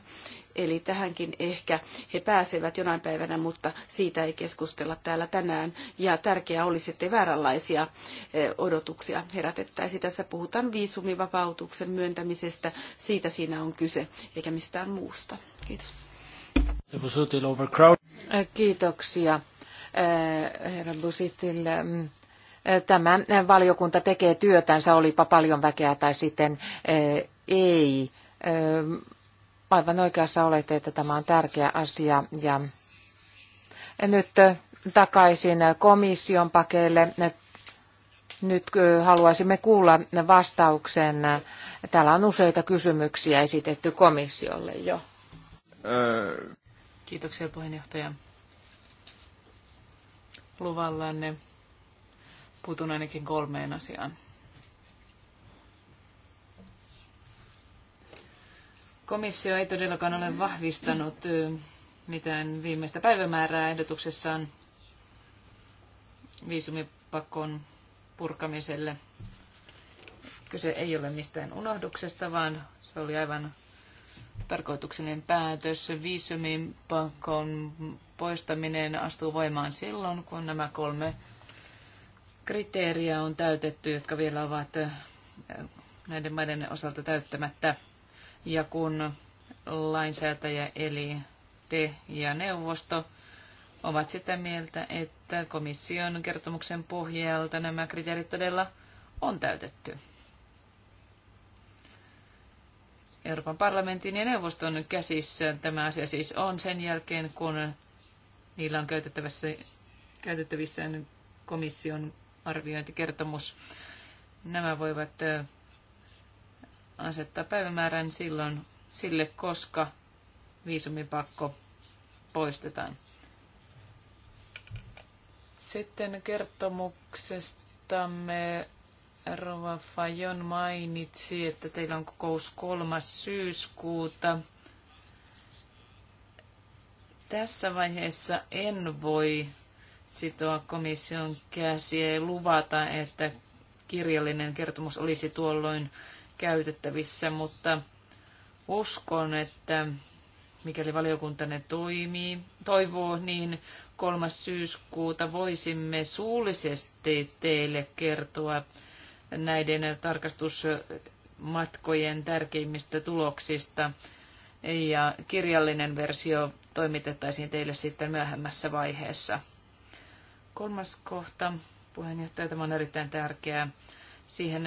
Eli tähänkin ehkä he pääsevät jonain päivänä, mutta siitä ei keskustella täällä tänään. Ja tärkeää olisi, ettei vääränlaisia eh, odotuksia herätettäisi. Tässä puhutaan viisumivapautuksen myöntämisestä. Siitä siinä on kyse, eikä mistään muusta. Kiitos. Eh, kiitoksia eh, herra Busitil. Tämä valiokunta tekee työtänsä, olipa paljon väkeä tai sitten ei aivan oikeassa olette, että tämä on tärkeä asia. Ja nyt takaisin komission pakeille. Nyt haluaisimme kuulla vastauksen. Täällä on useita kysymyksiä esitetty komissiolle jo. Kiitoksia puheenjohtaja. Luvallanne puutun ainakin kolmeen asiaan. Komissio ei todellakaan ole vahvistanut mitään viimeistä päivämäärää ehdotuksessaan viisumipakon purkamiselle. Kyse ei ole mistään unohduksesta, vaan se oli aivan tarkoituksellinen päätös. Viisumipakon poistaminen astuu voimaan silloin, kun nämä kolme kriteeriä on täytetty, jotka vielä ovat näiden maiden osalta täyttämättä. Ja kun lainsäätäjä eli te ja neuvosto ovat sitä mieltä, että komission kertomuksen pohjalta nämä kriteerit todella on täytetty. Euroopan parlamentin ja neuvoston käsissä tämä asia siis on sen jälkeen, kun niillä on käytettävissä, käytettävissä komission arviointikertomus. Nämä voivat asettaa päivämäärän silloin sille, koska viisumipakko poistetaan. Sitten kertomuksestamme Rova Fajon mainitsi, että teillä on kokous 3. syyskuuta. Tässä vaiheessa en voi sitoa komission käsiä ja luvata, että kirjallinen kertomus olisi tuolloin käytettävissä, mutta uskon, että mikäli valiokunta ne toimii, toivoo, niin 3. syyskuuta voisimme suullisesti teille kertoa näiden tarkastusmatkojen tärkeimmistä tuloksista. Ja kirjallinen versio toimitettaisiin teille sitten myöhemmässä vaiheessa. Kolmas kohta, puheenjohtaja, tämä on erittäin tärkeää. Siihen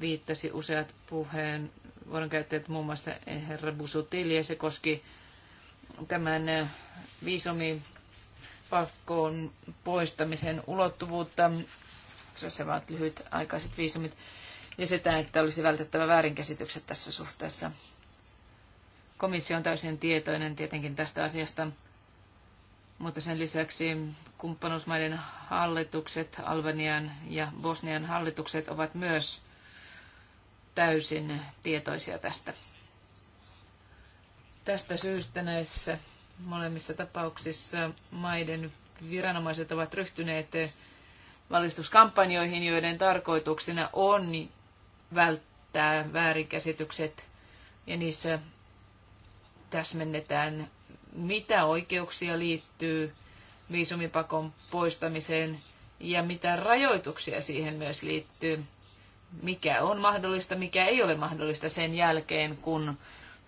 viittasi useat puheen käyttäjät, muun muassa herra Busutili, ja se koski tämän eh, viisomi pakkoon poistamisen ulottuvuutta, koska se ovat lyhytaikaiset viisumit, ja sitä, että olisi vältettävä väärinkäsitykset tässä suhteessa. Komissio on täysin tietoinen tietenkin tästä asiasta, mutta sen lisäksi kumppanuusmaiden hallitukset, Albanian ja Bosnian hallitukset ovat myös täysin tietoisia tästä. Tästä syystä näissä molemmissa tapauksissa maiden viranomaiset ovat ryhtyneet valistuskampanjoihin, joiden tarkoituksena on välttää väärinkäsitykset ja niissä täsmennetään, mitä oikeuksia liittyy viisumipakon poistamiseen ja mitä rajoituksia siihen myös liittyy mikä on mahdollista, mikä ei ole mahdollista sen jälkeen, kun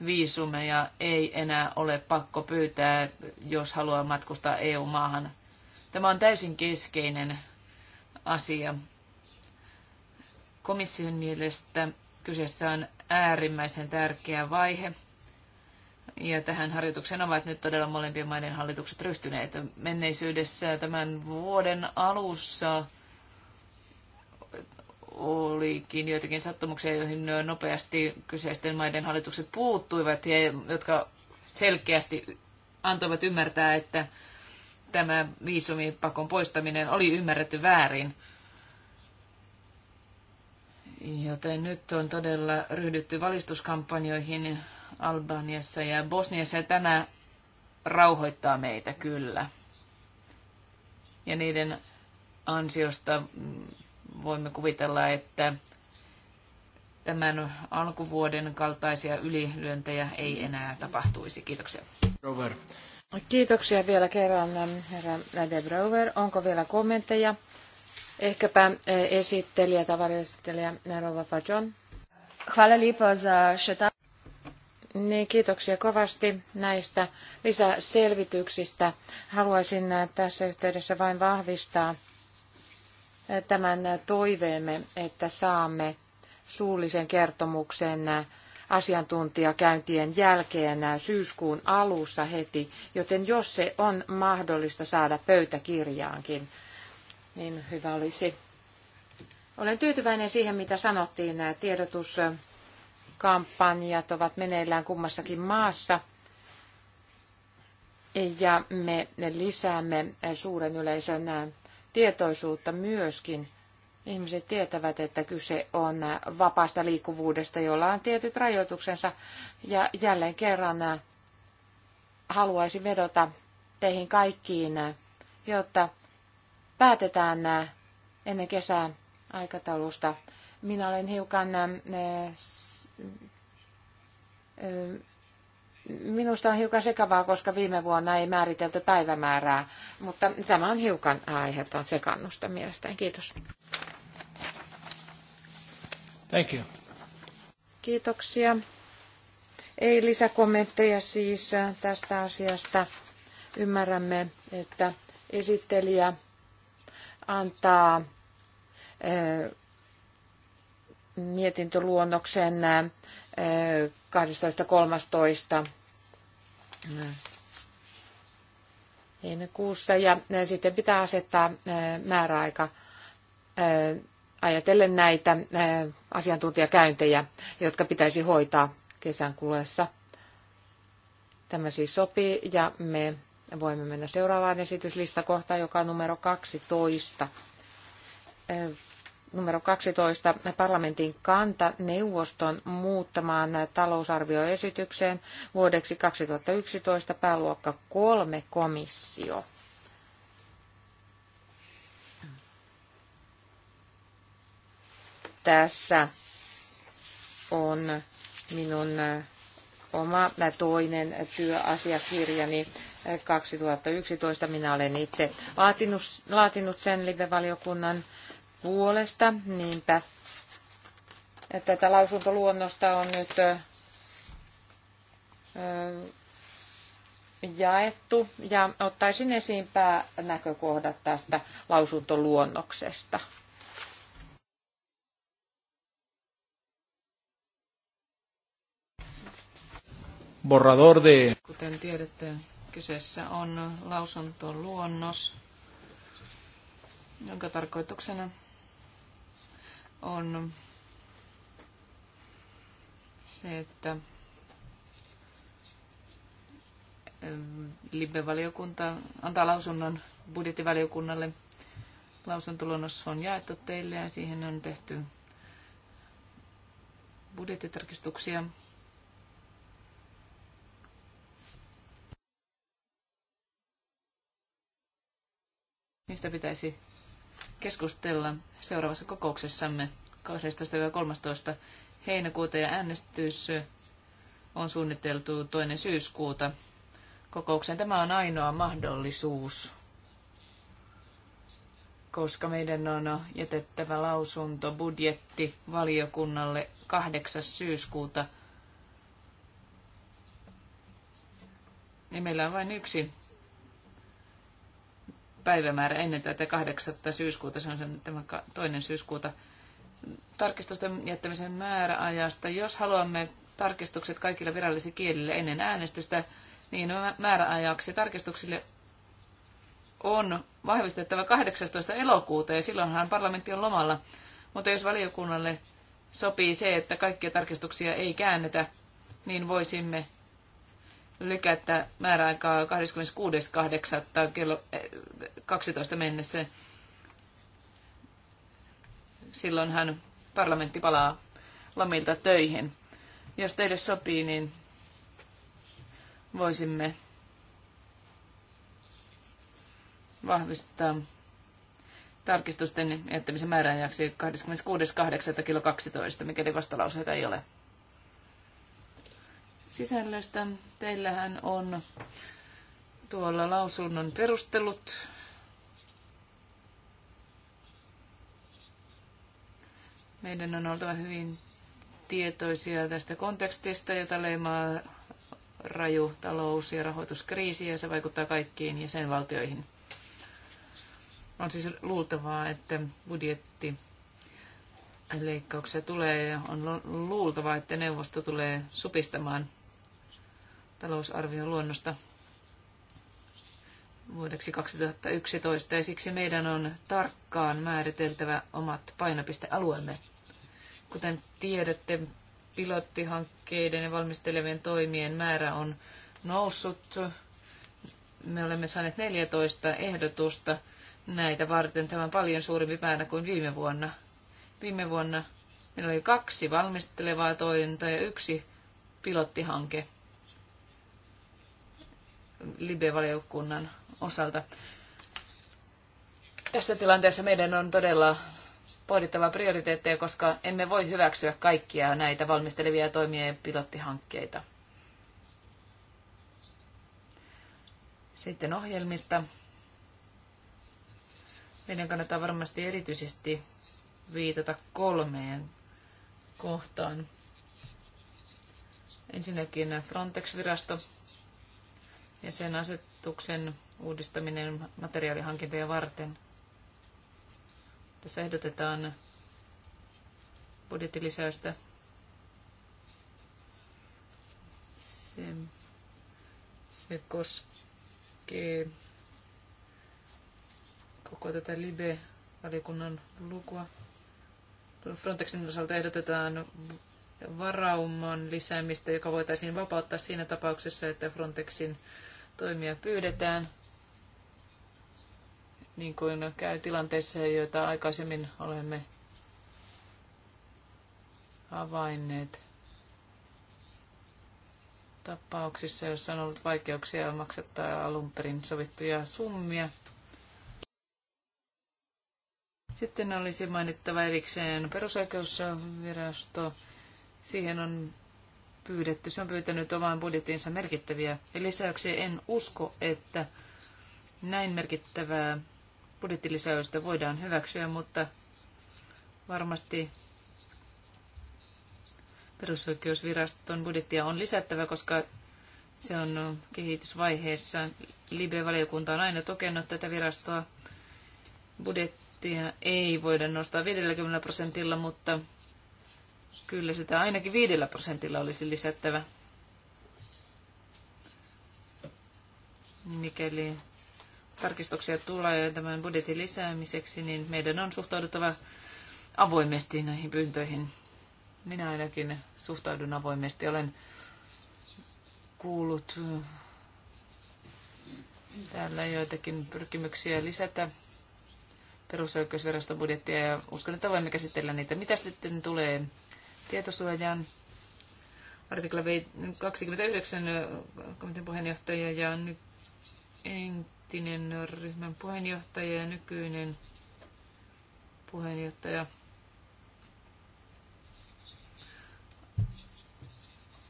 viisumeja ei enää ole pakko pyytää, jos haluaa matkustaa EU-maahan. Tämä on täysin keskeinen asia. Komission mielestä kyseessä on äärimmäisen tärkeä vaihe. Ja tähän harjoitukseen ovat nyt todella molempien maiden hallitukset ryhtyneet. Menneisyydessä tämän vuoden alussa olikin joitakin sattumuksia, joihin nopeasti kyseisten maiden hallitukset puuttuivat, ja jotka selkeästi antoivat ymmärtää, että tämä viisumipakon poistaminen oli ymmärretty väärin. Joten nyt on todella ryhdytty valistuskampanjoihin Albaniassa ja Bosniassa, ja tämä rauhoittaa meitä kyllä. Ja niiden ansiosta voimme kuvitella, että tämän alkuvuoden kaltaisia ylilyöntejä ei enää tapahtuisi. Kiitoksia. Rover. Kiitoksia vielä kerran, herra De Brouwer. Onko vielä kommentteja? Ehkäpä eh, esittelijä, tavaraesittelijä Rova Fajon. Niin, kiitoksia kovasti näistä lisäselvityksistä. Haluaisin eh, tässä yhteydessä vain vahvistaa tämän toiveemme, että saamme suullisen kertomuksen asiantuntijakäyntien jälkeen syyskuun alussa heti, joten jos se on mahdollista saada pöytäkirjaankin, niin hyvä olisi. Olen tyytyväinen siihen, mitä sanottiin. Nämä tiedotuskampanjat ovat meneillään kummassakin maassa. Ja me lisäämme suuren yleisön tietoisuutta myöskin. Ihmiset tietävät, että kyse on vapaasta liikkuvuudesta, jolla on tietyt rajoituksensa. Ja jälleen kerran haluaisin vedota teihin kaikkiin, jotta päätetään ennen kesää aikataulusta. Minä olen hiukan eh, eh, Minusta on hiukan sekavaa, koska viime vuonna ei määritelty päivämäärää, mutta tämä on hiukan aiheuttanut sekannusta mielestäni. Kiitos. Thank you. Kiitoksia. Ei lisäkommentteja siis tästä asiasta. Ymmärrämme, että esittelijä antaa eh, mietintöluonnoksen 12.13. Eh, niin. heinäkuussa ja sitten pitää asettaa määräaika ajatellen näitä asiantuntijakäyntejä, jotka pitäisi hoitaa kesän kuluessa. Tämä siis sopii ja me voimme mennä seuraavaan esityslistakohtaan, joka on numero 12 numero 12 parlamentin kanta neuvoston muuttamaan talousarvioesitykseen vuodeksi 2011 pääluokka 3 komissio. Tässä on minun oma toinen työasiakirjani 2011. Minä olen itse laatinut, laatinut sen live-valiokunnan puolesta. Niinpä tätä lausuntoluonnosta on nyt jaettu ja ottaisin esiin päänäkökohdat tästä lausuntoluonnoksesta. Borrador de... Kuten tiedätte, kyseessä on lausuntoluonnos, jonka tarkoituksena on se, että ähm, Libe-valiokunta antaa lausunnon budjettivaliokunnalle. Lausuntoluonnos on jaettu teille ja siihen on tehty budjettitarkistuksia. Mistä pitäisi keskustella seuraavassa kokouksessamme 12-13 heinäkuuta ja äänestys on suunniteltu toinen syyskuuta kokoukseen. Tämä on ainoa mahdollisuus, koska meidän on jätettävä lausunto budjetti valiokunnalle 8. syyskuuta. Ja meillä on vain yksi päivämäärä ennen tätä 8. syyskuuta, se on sen, tämä toinen syyskuuta, tarkistusten jättämisen määräajasta. Jos haluamme tarkistukset kaikilla virallisilla kielillä ennen äänestystä, niin määräajaksi tarkistuksille on vahvistettava 18. elokuuta ja silloinhan parlamentti on lomalla. Mutta jos valiokunnalle sopii se, että kaikkia tarkistuksia ei käännetä, niin voisimme lykätä määräaikaa 26.8. kello 12 eh, mennessä. Silloinhan parlamentti palaa lomilta töihin. Jos teille sopii, niin voisimme vahvistaa tarkistusten jättämisen määräajaksi 26.8. kello 12, mikäli vastalauseita ei ole sisällöstä. Teillähän on tuolla lausunnon perustelut. Meidän on oltava hyvin tietoisia tästä kontekstista, jota leimaa raju talous- ja rahoituskriisi, ja se vaikuttaa kaikkiin jäsenvaltioihin. On siis luultavaa, että budjetti leikkauksia tulee, ja on luultavaa, että neuvosto tulee supistamaan talousarvion luonnosta vuodeksi 2011 ja siksi meidän on tarkkaan määriteltävä omat painopistealueemme. Kuten tiedätte, pilottihankkeiden ja valmistelevien toimien määrä on noussut. Me olemme saaneet 14 ehdotusta näitä varten. Tämä on paljon suurempi määrä kuin viime vuonna. Viime vuonna meillä oli kaksi valmistelevaa tointa ja yksi pilottihanke. Libe-valiokunnan osalta. Tässä tilanteessa meidän on todella pohdittava prioriteetteja, koska emme voi hyväksyä kaikkia näitä valmistelevia toimia ja pilottihankkeita. Sitten ohjelmista. Meidän kannattaa varmasti erityisesti viitata kolmeen kohtaan. Ensinnäkin Frontex-virasto, ja sen asetuksen uudistaminen materiaalihankintoja varten. Tässä ehdotetaan budjettilisäystä. Se, se koskee koko tätä Libe-valikunnan lukua. Frontexin osalta ehdotetaan varauman lisäämistä, joka voitaisiin vapauttaa siinä tapauksessa, että Frontexin toimia pyydetään, niin kuin käy tilanteissa, joita aikaisemmin olemme havainneet tapauksissa, joissa on ollut vaikeuksia maksattaa alun perin sovittuja summia. Sitten olisi mainittava erikseen perusoikeusvirasto Siihen on pyydetty, se on pyytänyt omaan budjettiinsa merkittäviä lisäyksiä. En usko, että näin merkittävää budjettilisäystä voidaan hyväksyä, mutta varmasti perusoikeusviraston budjettia on lisättävä, koska se on kehitysvaiheessa. Libe-valiokunta on aina tukenut tätä virastoa. Budjettia ei voida nostaa 50 prosentilla, mutta Kyllä sitä ainakin viidellä prosentilla olisi lisättävä. Mikäli tarkistuksia tulee tämän budjetin lisäämiseksi, niin meidän on suhtauduttava avoimesti näihin pyyntöihin. Minä ainakin suhtaudun avoimesti. Olen kuullut täällä joitakin pyrkimyksiä lisätä perusoikeusviraston budjettia ja uskon, että voimme käsitellä niitä. Mitä sitten tulee tietosuojan Artikla 29 komitean puheenjohtaja ja nyt entinen ryhmän puheenjohtaja ja nykyinen puheenjohtaja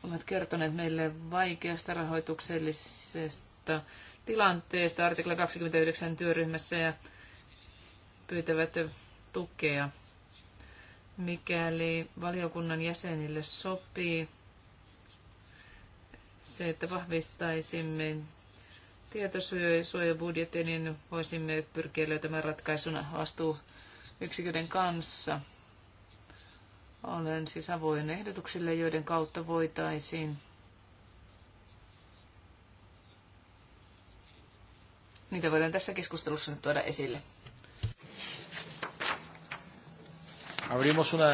ovat kertoneet meille vaikeasta rahoituksellisesta tilanteesta artikla 29 työryhmässä ja pyytävät tukea mikäli valiokunnan jäsenille sopii se, että vahvistaisimme tietosuojabudjetin, niin voisimme pyrkiä löytämään ratkaisuna yksiköiden kanssa. Olen siis avoin ehdotuksille, joiden kautta voitaisiin Niitä voidaan tässä keskustelussa nyt tuoda esille. Abrimos una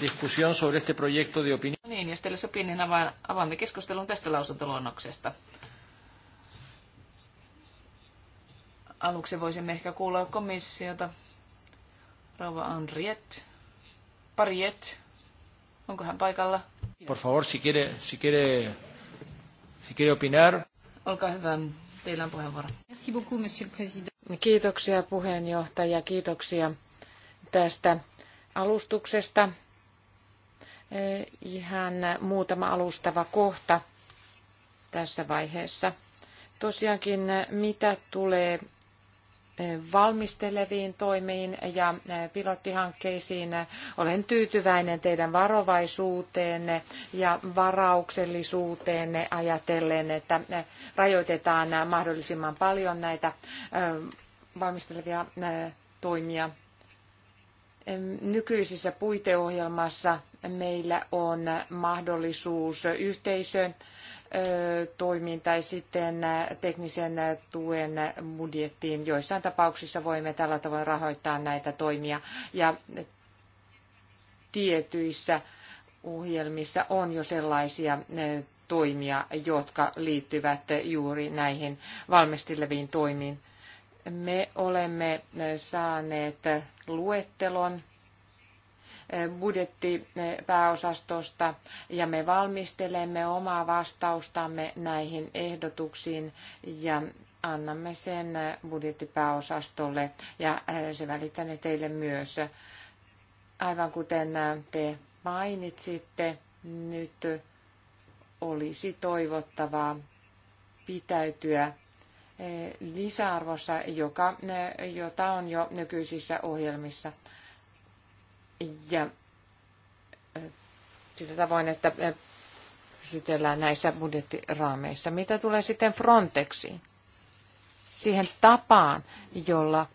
discusión sobre este proyecto de opinión. No niin, jos teillä sopii, niin avaan, avaamme keskustelun tästä lausuntoluonnoksesta. Aluksi voisimme ehkä kuulla komissiota. Rova Henriette. Pariet. Onko hän paikalla? Por favor, si quiere, si quiere, si quiere opinar. Olkaa hyvä. Teillä on puheenvuoro. Merci beaucoup, monsieur le président. Kiitoksia puheenjohtaja, kiitoksia tästä alustuksesta. E, ihan muutama alustava kohta tässä vaiheessa. Tosiaankin mitä tulee e, valmisteleviin toimiin ja e, pilottihankkeisiin. Olen tyytyväinen teidän varovaisuuteenne ja varauksellisuuteenne ajatellen, että rajoitetaan mahdollisimman paljon näitä valmistelevia toimia Nykyisessä puiteohjelmassa meillä on mahdollisuus yhteisön toimiin tai sitten teknisen tuen budjettiin. Joissain tapauksissa voimme tällä tavoin rahoittaa näitä toimia ja tietyissä ohjelmissa on jo sellaisia toimia, jotka liittyvät juuri näihin valmisteleviin toimiin. Me olemme saaneet luettelon budjettipääosastosta ja me valmistelemme omaa vastaustamme näihin ehdotuksiin ja annamme sen budjettipääosastolle ja se välitämme teille myös. Aivan kuten te mainitsitte, nyt olisi toivottavaa pitäytyä lisäarvossa, joka, jota on jo nykyisissä ohjelmissa. Ja sillä tavoin, että pysytellään näissä budjettiraameissa. Mitä tulee sitten Frontexiin? Siihen tapaan, jolla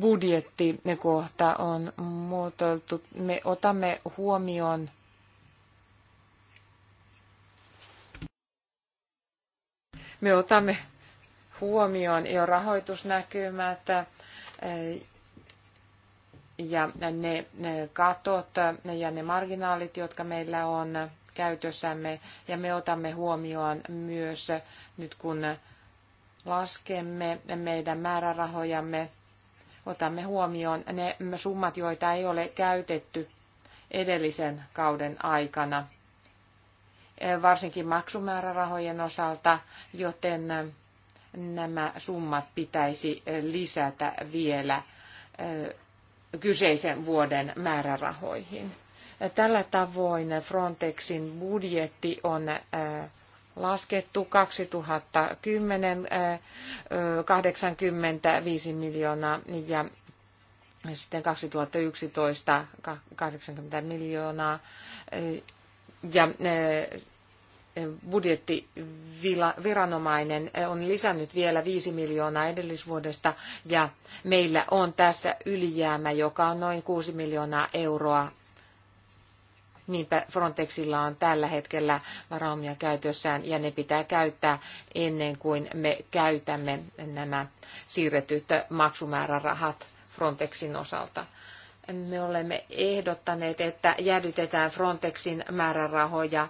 budjettikohta on muotoiltu. Me otamme huomioon me otamme huomioon jo rahoitusnäkymät eh, ja ne katot ja ne marginaalit, jotka meillä on käytössämme. Ja me otamme huomioon myös nyt kun laskemme meidän määrärahojamme, otamme huomioon ne summat, joita ei ole käytetty edellisen kauden aikana. Eh, varsinkin maksumäärärahojen osalta, joten eh, nämä summat pitäisi eh, lisätä vielä kyseisen vuoden määrärahoihin. Tällä tavoin Frontexin budjetti on laskettu 2010 85 miljoonaa ja sitten 2011 80 miljoonaa ja eh, budjettiviranomainen eh, on lisännyt vielä 5 miljoonaa edellisvuodesta ja meillä on tässä ylijäämä, joka on noin 6 miljoonaa euroa. Niinpä Frontexilla on tällä hetkellä varaumia käytössään ja ne pitää käyttää ennen kuin me käytämme nämä siirretyt maksumäärärahat Frontexin osalta me olemme ehdottaneet, että jäädytetään Frontexin määrärahoja,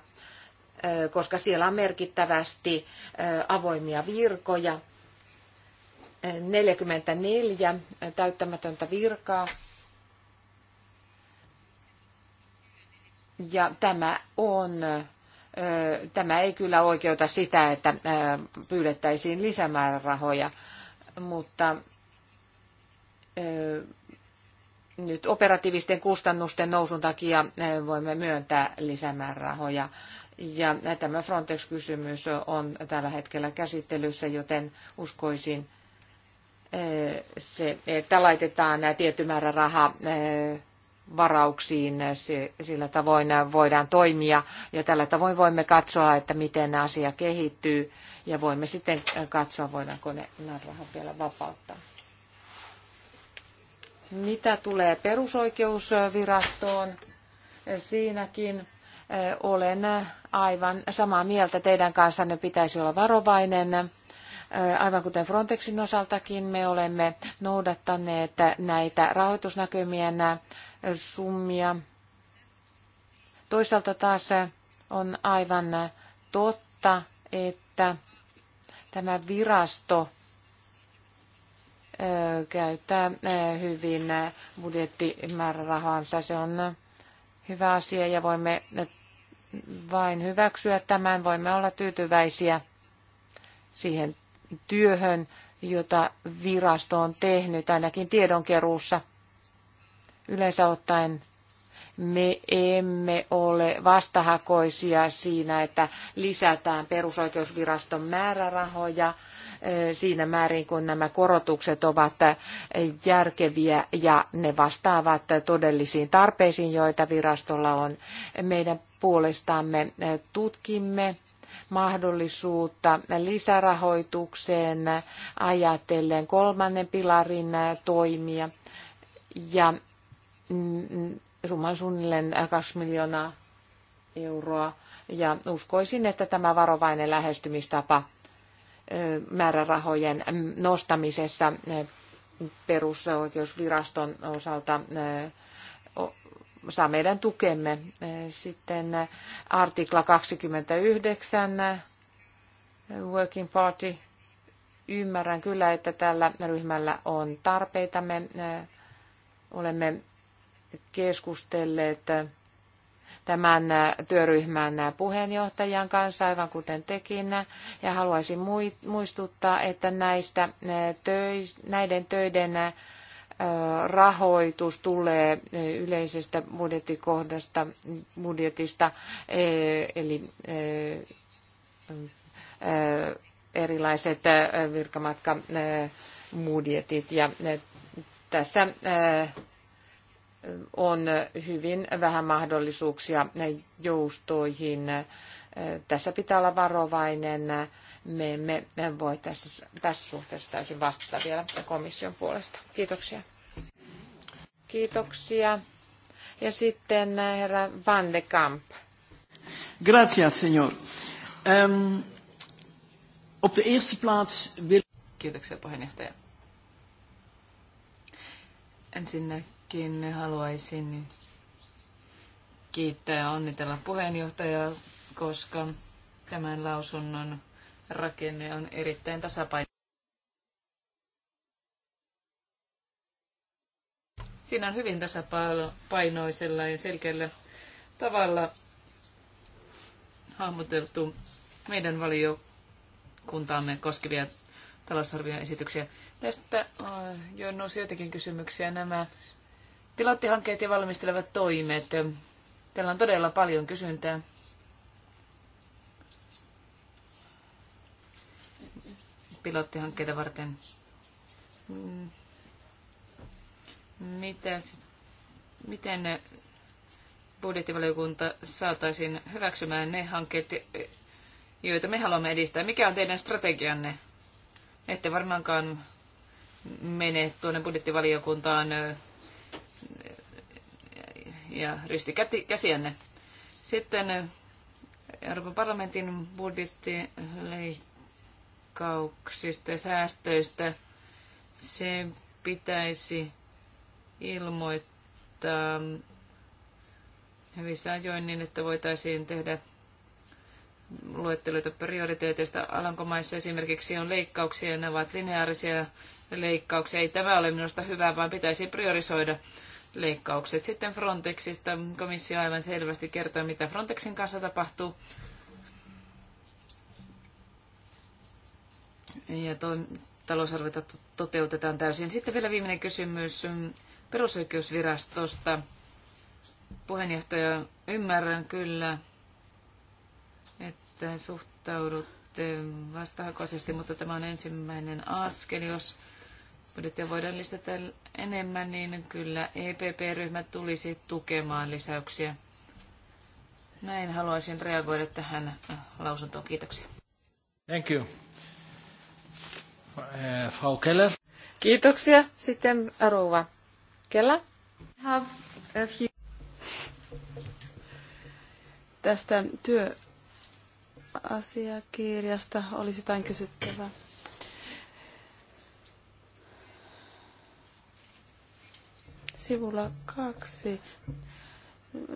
koska siellä on merkittävästi avoimia virkoja. 44 täyttämätöntä virkaa. Ja tämä on tämä ei kyllä oikeuta sitä, että pyydettäisiin lisämäärärahoja, mutta nyt operatiivisten kustannusten nousun takia eh, voimme myöntää lisämäärärahoja. Ja eh, tämä Frontex-kysymys on tällä hetkellä käsittelyssä, joten uskoisin, eh, se, että laitetaan tietty määrä rahaa varauksiin, sillä tavoin voidaan toimia ja tällä tavoin voimme katsoa, että miten asia kehittyy ja voimme sitten katsoa, voidaanko ne rahat vielä vapauttaa. Mitä tulee perusoikeusvirastoon, siinäkin eh, olen aivan samaa mieltä teidän kanssanne pitäisi olla varovainen. Eh, aivan kuten Frontexin osaltakin me olemme noudattaneet näitä rahoitusnäkymien eh, summia. Toisaalta taas on aivan totta, että tämä virasto käyttää hyvin budjettimäärärahansa. Se on hyvä asia ja voimme vain hyväksyä tämän. Voimme olla tyytyväisiä siihen työhön, jota virasto on tehnyt, ainakin tiedonkeruussa. Yleensä ottaen me emme ole vastahakoisia siinä, että lisätään perusoikeusviraston määrärahoja – siinä määrin, kun nämä korotukset ovat järkeviä ja ne vastaavat todellisiin tarpeisiin, joita virastolla on. Meidän puolestamme tutkimme mahdollisuutta lisärahoitukseen ajatellen kolmannen pilarin toimia ja mm, mm, summan suunnilleen 2 miljoonaa euroa. Ja uskoisin, että tämä varovainen lähestymistapa määrärahojen nostamisessa perusoikeusviraston osalta saa meidän tukemme. Sitten artikla 29, Working Party. Ymmärrän kyllä, että tällä ryhmällä on tarpeita. Me olemme keskustelleet tämän työryhmän puheenjohtajan kanssa, aivan kuten tekin. Ja haluaisin muistuttaa, että näistä töis, näiden töiden rahoitus tulee yleisestä budjettikohdasta, budjetista, eli erilaiset virkamatkabudjetit. Ja tässä on hyvin vähän mahdollisuuksia joustoihin. Tässä pitää olla varovainen. Me emme voi tässä, tässä suhteessa täysin vastata vielä komission puolesta. Kiitoksia. Kiitoksia. Ja sitten äh, herra Van de Kamp. Gracias, signor. Um, op de eerste plaats wil... Kiitoksia, puheenjohtaja. Ensinnäkin Minäkin haluaisin kiittää ja onnitella puheenjohtajaa, koska tämän lausunnon rakenne on erittäin tasapainoinen. Siinä on hyvin tasapainoisella ja selkeällä tavalla hahmoteltu meidän valiokuntaamme koskevia talousarvioesityksiä. esityksiä. Tästä äh, jo nousi joitakin kysymyksiä. Nämä Pilottihankkeet ja valmistelevat toimet. Tällä on todella paljon kysyntää. Pilottihankkeita varten. Mm. Mitäs, miten eh, budjettivaliokunta saataisiin hyväksymään ne hankkeet, eh, joita me haluamme edistää? Mikä on teidän strategianne? Ette varmaankaan mene tuonne budjettivaliokuntaan eh, ja risti käsiänne. Sitten eh, Euroopan parlamentin budjettileikkauksista ja säästöistä. Se pitäisi ilmoittaa hyvissä ajoin niin, että voitaisiin tehdä luetteluita prioriteeteista. Alankomaissa esimerkiksi on leikkauksia, ja ne ovat lineaarisia leikkauksia. Ei tämä ole minusta hyvä, vaan pitäisi priorisoida leikkaukset. Sitten Frontexista komissio aivan selvästi kertoi, mitä Frontexin kanssa tapahtuu. Ja talousarviota toteutetaan täysin. Sitten vielä viimeinen kysymys perusoikeusvirastosta. Puheenjohtaja, ymmärrän kyllä, että suhtaudutte vastahakoisesti, mutta tämä on ensimmäinen askel, jos budjettia voidaan lisätä enemmän, niin kyllä EPP-ryhmä tulisi tukemaan lisäyksiä. Näin haluaisin reagoida tähän lausuntoon. Kiitoksia. Thank you. Eh, Frau Keller. Kiitoksia. Sitten Rouva Kela. Have a few. Tästä työasiakirjasta olisi jotain kysyttävää. sivulla kaksi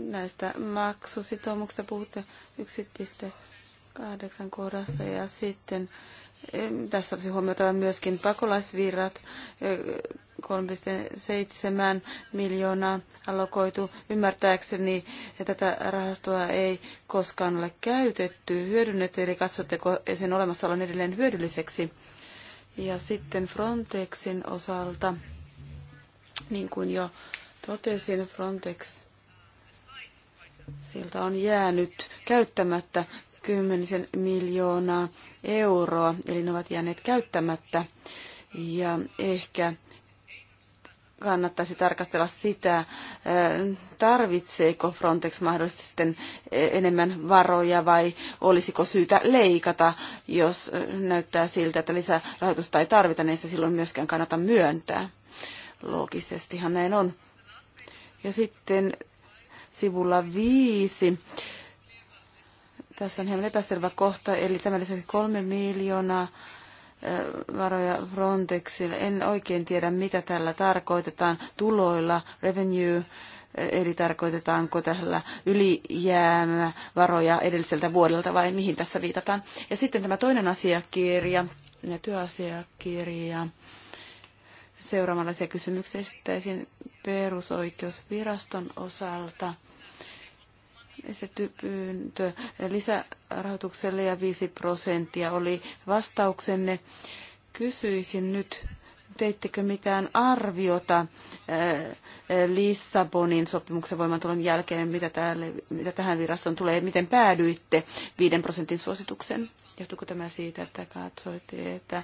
näistä maksusitoumuksista puhutte 1.8 kohdassa ja sitten tässä olisi huomioitava myöskin pakolaisvirrat. 3,7 e, miljoonaa allokoitu. Ymmärtääkseni tätä rahastoa ei koskaan ole käytetty, hyödynnetty, eli katsotteko sen olemassaolon edelleen hyödylliseksi. Ja sitten Frontexin osalta niin kuin jo totesin, Frontex siltä on jäänyt käyttämättä kymmenisen miljoonaa euroa, eli ne ovat jääneet käyttämättä. Ja ehkä kannattaisi tarkastella sitä, tarvitseeko Frontex mahdollisesti sitten enemmän varoja vai olisiko syytä leikata, jos näyttää siltä, että lisärahoitusta ei tarvita, niin se silloin myöskään kannata myöntää. Loogisestihan näin on. Ja sitten sivulla viisi. Tässä on hieman epäselvä kohta, eli tämä lisäksi kolme miljoonaa varoja Frontexille. En oikein tiedä, mitä tällä tarkoitetaan tuloilla, revenue, eli tarkoitetaanko tällä ylijäämä varoja edelliseltä vuodelta vai mihin tässä viitataan. Ja sitten tämä toinen asiakirja, työasiakirja seuraavanlaisia kysymyksiä esittäisin perusoikeusviraston osalta. Esitetty pyyntö lisärahoitukselle ja 5 prosenttia oli vastauksenne. Kysyisin nyt, teittekö mitään arviota eh, Lissabonin sopimuksen voimantulon jälkeen, mitä, täällä, mitä tähän viraston tulee, miten päädyitte 5 prosentin suosituksen? Johtuuko tämä siitä, että katsoitte, että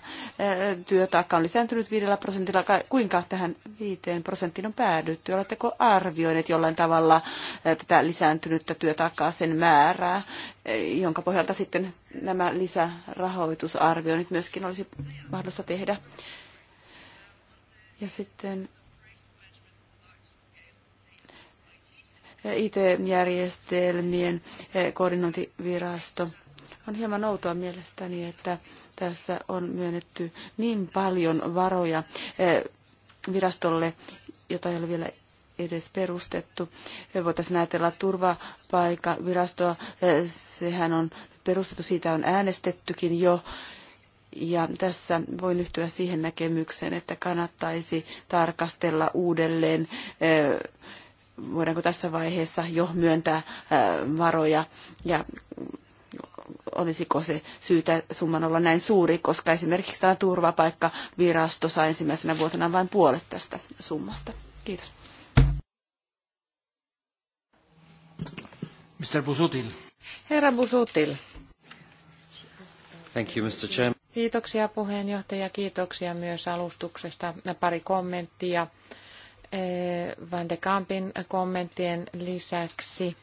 työtaakka on lisääntynyt 5 prosentilla? Kuinka tähän 5 prosenttiin on päädytty? Oletteko arvioineet jollain tavalla tätä lisääntynyttä työtaakkaa sen määrää, jonka pohjalta sitten nämä lisärahoitusarvioinnit myöskin olisi mahdollista tehdä? Ja sitten IT-järjestelmien koordinointivirasto on hieman outoa mielestäni, että tässä on myönnetty niin paljon varoja eh, virastolle, jota ei ole vielä edes perustettu. Me eh, voitaisiin ajatella turvapaikavirastoa, eh, sehän on perustettu, siitä on äänestettykin jo. Ja tässä voin yhtyä siihen näkemykseen, että kannattaisi tarkastella uudelleen, voidaanko tässä vaiheessa jo myöntää varoja ja olisiko se syytä summan olla näin suuri, koska esimerkiksi tämä turvapaikkavirasto saa ensimmäisenä vuotena vain puolet tästä summasta. Kiitos. Mr. Busutil. Herra Busutil. Thank you, Mr. Chairman. Kiitoksia puheenjohtaja, kiitoksia myös alustuksesta. Pari kommenttia eh, Van de Kampin kommenttien lisäksi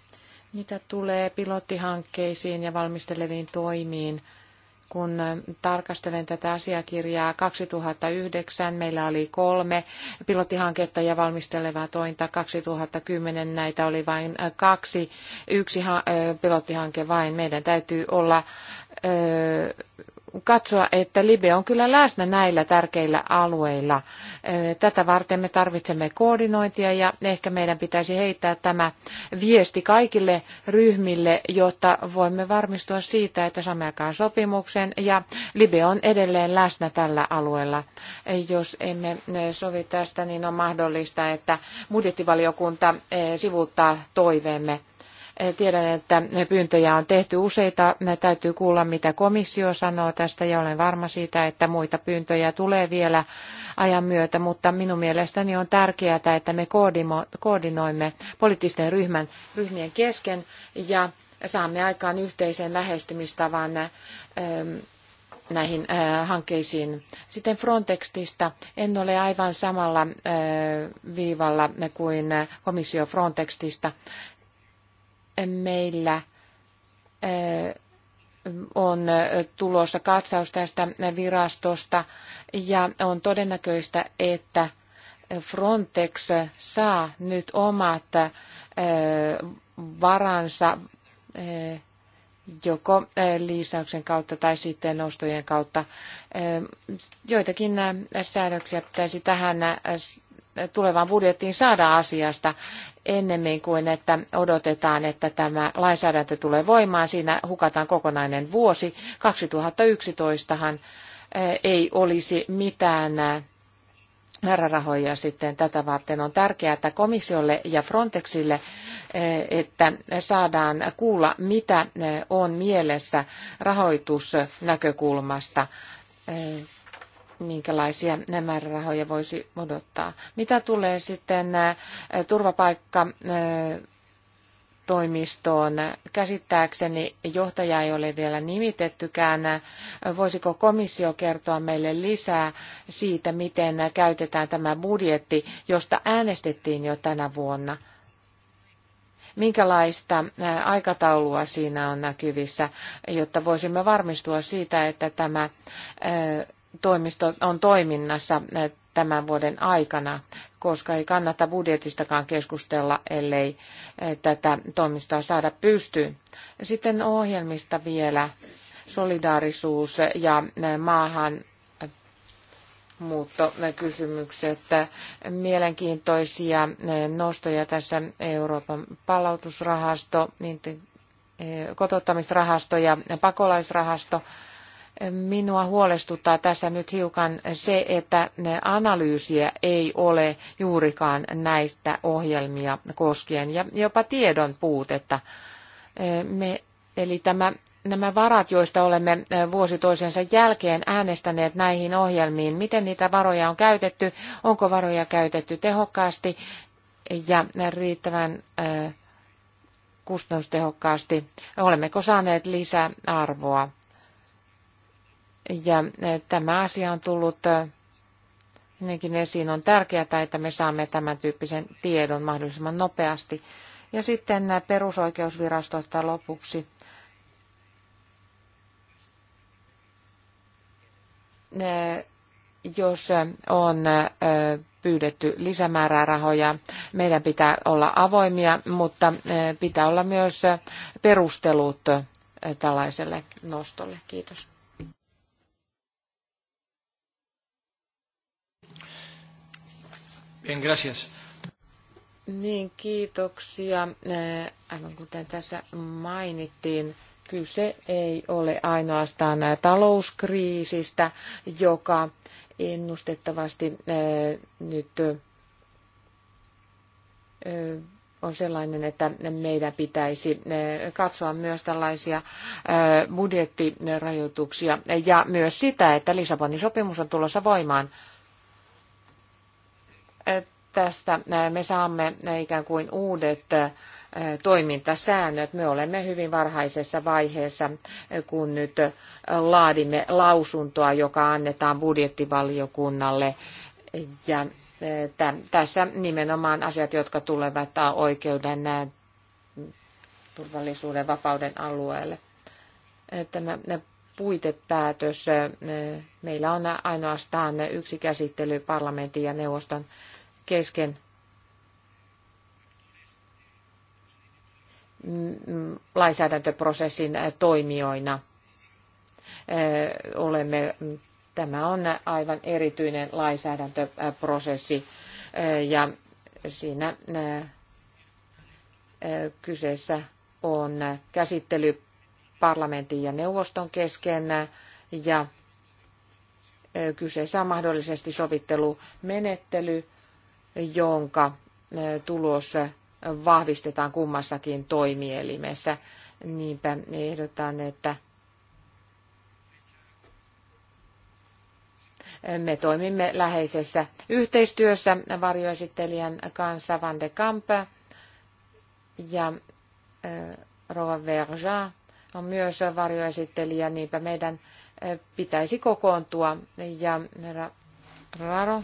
mitä tulee pilottihankkeisiin ja valmisteleviin toimiin, kun tarkastelen tätä asiakirjaa 2009, meillä oli kolme pilottihanketta ja valmistelevaa tointa. 2010 näitä oli vain kaksi, yksi pilottihanke vain. Meidän täytyy olla katsoa, että Libe on kyllä läsnä näillä tärkeillä alueilla. Tätä varten me tarvitsemme koordinointia ja ehkä meidän pitäisi heittää tämä viesti kaikille ryhmille, jotta voimme varmistua siitä, että saamme aikaan sopimuksen ja Libe on edelleen läsnä tällä alueella. Jos emme sovi tästä, niin on mahdollista, että budjettivaliokunta sivuuttaa toiveemme Eh, tiedän, että pyyntöjä on tehty useita. Täytyy kuulla, mitä komissio sanoo tästä ja olen varma siitä, että muita pyyntöjä tulee vielä ajan myötä, mutta minun mielestäni on tärkeää, että me koordinoimme poliittisten ryhmän, ryhmien kesken ja saamme aikaan yhteisen lähestymistavan ehm, näihin eh, hankkeisiin. Sitten Frontextista en ole aivan samalla eh, viivalla kuin komissio Frontextista meillä on tulossa katsaus tästä virastosta ja on todennäköistä, että Frontex saa nyt omat varansa joko liisauksen kautta tai sitten nostojen kautta. Joitakin säädöksiä pitäisi tähän tulevaan budjettiin saada asiasta ennemmin kuin että odotetaan, että tämä lainsäädäntö tulee voimaan. Siinä hukataan kokonainen vuosi. 2011han eh, ei olisi mitään eh, määrärahoja sitten tätä varten. On tärkeää, että komissiolle ja Frontexille, eh, että saadaan kuulla, mitä on mielessä rahoitusnäkökulmasta minkälaisia määrärahoja voisi odottaa. Mitä tulee sitten turvapaikka toimistoon. Käsittääkseni johtaja ei ole vielä nimitettykään. Voisiko komissio kertoa meille lisää siitä, miten käytetään tämä budjetti, josta äänestettiin jo tänä vuonna? Minkälaista aikataulua siinä on näkyvissä, jotta voisimme varmistua siitä, että tämä toimisto on toiminnassa eh, tämän vuoden aikana, koska ei kannata budjetistakaan keskustella, ellei eh, tätä toimistoa saada pystyyn. Sitten ohjelmista vielä solidaarisuus ja eh, maahan muuttokysymykset. Mielenkiintoisia nostoja tässä Euroopan palautusrahasto, niin kotouttamisrahasto ja pakolaisrahasto. Minua huolestuttaa tässä nyt hiukan se, että analyysiä ei ole juurikaan näistä ohjelmia koskien ja jopa tiedon puutetta. Me, eli tämä, nämä varat, joista olemme vuosi toisensa jälkeen äänestäneet näihin ohjelmiin, miten niitä varoja on käytetty, onko varoja käytetty tehokkaasti ja riittävän kustannustehokkaasti, olemmeko saaneet lisäarvoa ja e, tämä asia on tullut e, ennenkin esiin. On tärkeää, että me saamme tämän tyyppisen tiedon mahdollisimman nopeasti. Ja sitten e, perusoikeusvirastosta lopuksi. Jos on pyydetty lisämäärärahoja. Meidän pitää olla avoimia, mutta pitää olla myös perustelut tällaiselle nostolle. Kiitos. Bien, gracias. Niin, kiitoksia. Eh, aivan kuten tässä mainittiin, kyse ei ole ainoastaan talouskriisistä, joka ennustettavasti eh, nyt eh, on sellainen, että meidän pitäisi katsoa myös tällaisia budjettirajoituksia ja myös sitä, että Lissabonin sopimus on tulossa voimaan tästä me saamme ikään kuin uudet toimintasäännöt. Me olemme hyvin varhaisessa vaiheessa, kun nyt laadimme lausuntoa, joka annetaan budjettivaliokunnalle. Ja tässä nimenomaan asiat, jotka tulevat oikeuden turvallisuuden vapauden alueelle. Tämä puitepäätös. Meillä on ainoastaan yksi käsittely parlamentin ja neuvoston kesken lainsäädäntöprosessin toimijoina. Olemme, tämä on aivan erityinen lainsäädäntöprosessi ja siinä kyseessä on käsittely parlamentin ja neuvoston kesken ja kyseessä on mahdollisesti sovittelumenettely jonka tulos vahvistetaan kummassakin toimielimessä. Niinpä ehdotan, että Me toimimme läheisessä yhteistyössä varjoesittelijän kanssa Van de Kamp ja Rova Verja on myös varjoesittelijä, niinpä meidän pitäisi kokoontua ja Raro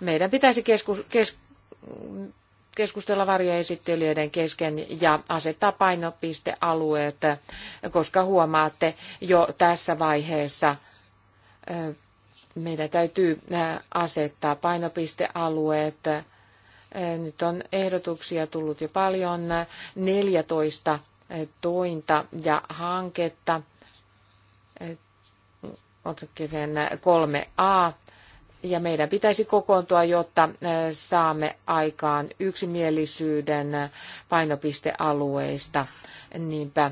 meidän pitäisi keskus, kes, keskustella varjoesittelijöiden kesken ja asettaa painopistealueet, koska huomaatte jo tässä vaiheessa meidän täytyy asettaa painopistealueet. Nyt on ehdotuksia tullut jo paljon, 14 tointa ja hanketta otsakkeeseen 3a ja meidän pitäisi kokoontua, jotta saamme aikaan yksimielisyyden painopistealueista. Niinpä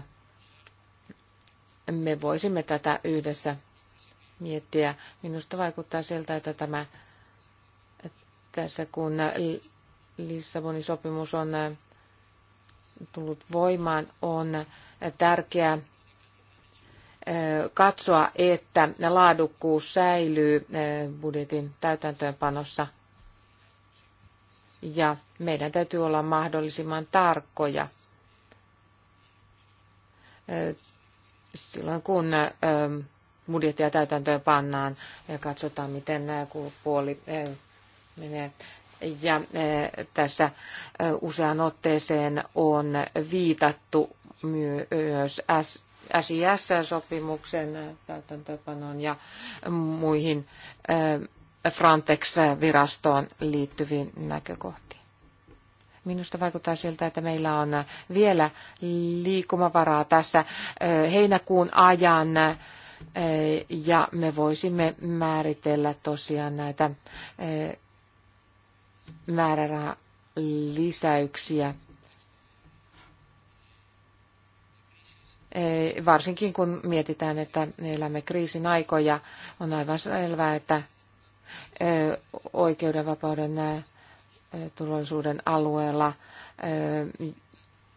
me voisimme tätä yhdessä miettiä. Minusta vaikuttaa siltä, että tämä tässä kun Lissabonin sopimus on tullut voimaan, on tärkeä katsoa, että laadukkuus säilyy budjetin täytäntöönpanossa. Ja meidän täytyy olla mahdollisimman tarkkoja silloin, kun budjettia täytäntöön pannaan ja katsotaan, miten nämä puoli menee. Ja tässä useaan otteeseen on viitattu myös SIS-sopimuksen äh, täytäntöönpanoon ja muihin äh, Frontex-virastoon liittyviin näkökohtiin. Minusta vaikuttaa siltä, että meillä on vielä liikumavaraa tässä äh, heinäkuun ajan ja me voisimme määritellä tosiaan näitä määrärahalisäyksiä lisäyksiä Eh, varsinkin kun mietitään, että elämme kriisin aikoja, on aivan selvää, että eh, oikeudenvapauden eh, turvallisuuden alueella,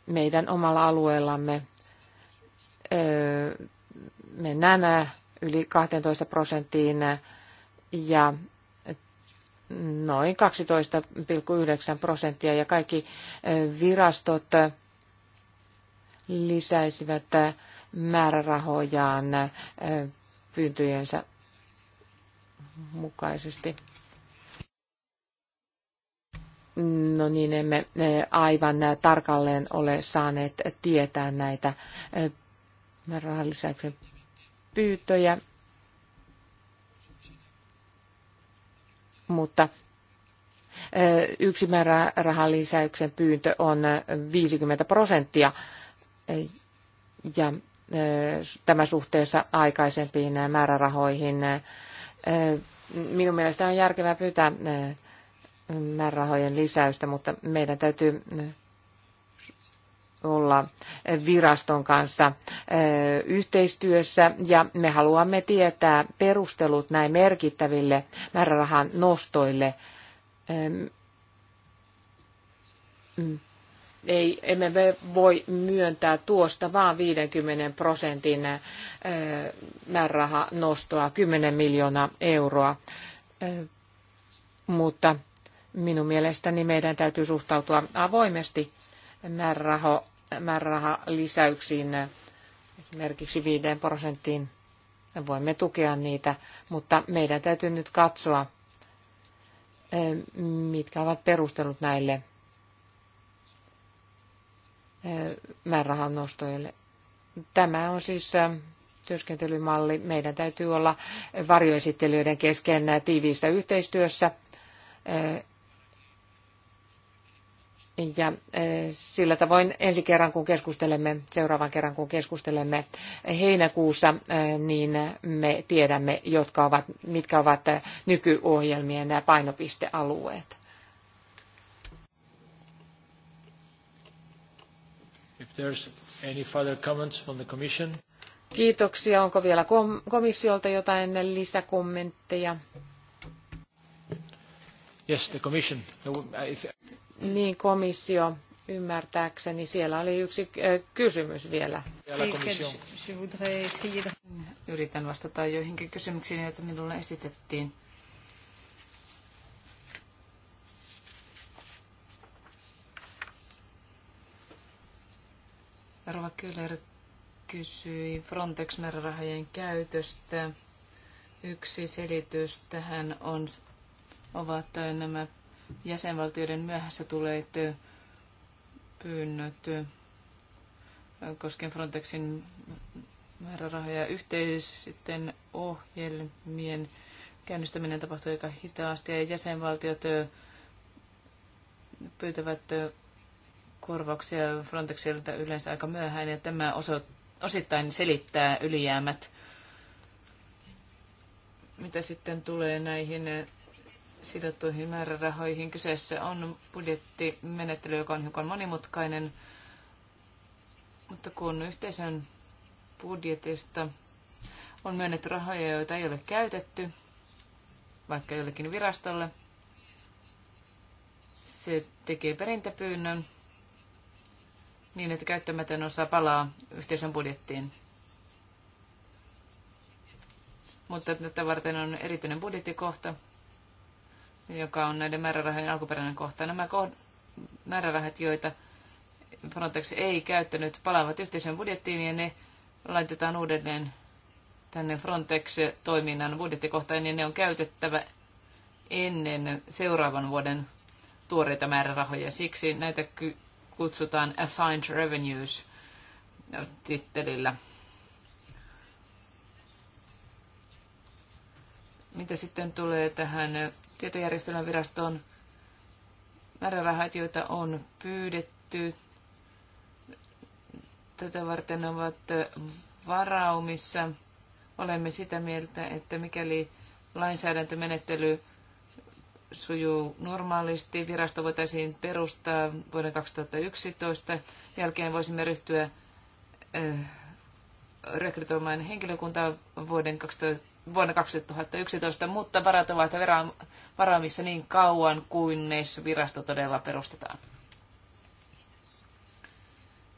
meidän omalla alueellamme mennään yli 12 prosenttiin ja noin 12,9 prosenttia ja kaikki virastot lisäisivät määrärahojaan pyyntöjensä mukaisesti. No niin, emme aivan tarkalleen ole saaneet tietää näitä rahalisäyksen pyytöjä, mutta yksi määrärahalisäyksen pyyntö on 50 prosenttia ja tämä suhteessa aikaisempiin määrärahoihin. Minun mielestäni on järkevää pyytää määrärahojen lisäystä, mutta meidän täytyy olla viraston kanssa yhteistyössä ja me haluamme tietää perustelut näin merkittäville määrärahan nostoille. Ei, emme voi myöntää tuosta vain 50 prosentin määräraha nostoa, 10 miljoonaa euroa. Mutta minun mielestäni meidän täytyy suhtautua avoimesti määräraha lisäyksiin, esimerkiksi 5 prosenttiin. Voimme tukea niitä, mutta meidän täytyy nyt katsoa, mitkä ovat perustelut näille määrärahan nostoille. Tämä on siis työskentelymalli. Meidän täytyy olla varjoesittelijöiden kesken tiiviissä yhteistyössä. Ja sillä tavoin ensi kerran, kun keskustelemme, seuraavan kerran, kun keskustelemme heinäkuussa, niin me tiedämme, jotka ovat, mitkä ovat nykyohjelmien painopistealueet. there's any further comments from the commission. Kiitoksia. Onko vielä komissiolta jotain lisäkommentteja? Yes, the commission. Niin, komissio. Ymmärtääkseni siellä oli yksi kysymys vielä. Yritän vastata joihinkin kysymyksiin, joita minulle esitettiin. Rova Kyller kysyi Frontex-määrärahojen käytöstä. Yksi selitys tähän on, ovat nämä jäsenvaltioiden myöhässä tulleet pyynnöt koskien Frontexin määrärahoja yhteisten ohjelmien käynnistäminen tapahtui aika hitaasti ja jäsenvaltiot pyytävät korvauksia Frontexilta yleensä aika myöhään ja tämä osittain selittää ylijäämät. Mitä sitten tulee näihin eh, sidottuihin määrärahoihin? Kyseessä on budjettimenettely, joka on hiukan monimutkainen, mutta kun yhteisön budjetista on myönnetty rahoja, joita ei ole käytetty, vaikka jollekin virastolle, se tekee perintäpyynnön niin, että käyttämätön osa palaa yhteisön budjettiin. Mutta tätä varten on erityinen budjettikohta, joka on näiden määrärahojen alkuperäinen kohta. Nämä kohd- määrärahat, joita Frontex ei käyttänyt, palaavat yhteisön budjettiin ja ne laitetaan uudelleen tänne Frontex-toiminnan budjettikohtaan ja ne on käytettävä ennen seuraavan vuoden tuoreita määrärahoja. Siksi näitä kutsutaan assigned revenues tittelillä. Mitä sitten tulee tähän tietojärjestelmän viraston määrärahat, joita on pyydetty tätä varten ovat varaumissa. Olemme sitä mieltä, että mikäli lainsäädäntömenettely sujuu normaalisti. Virasto voitaisiin perustaa vuoden 2011. Jälkeen voisimme ryhtyä eh, rekrytoimaan henkilökuntaa vuoden 12, vuonna 2011, mutta varat ovat varaamissa niin kauan, kunnes virasto todella perustetaan.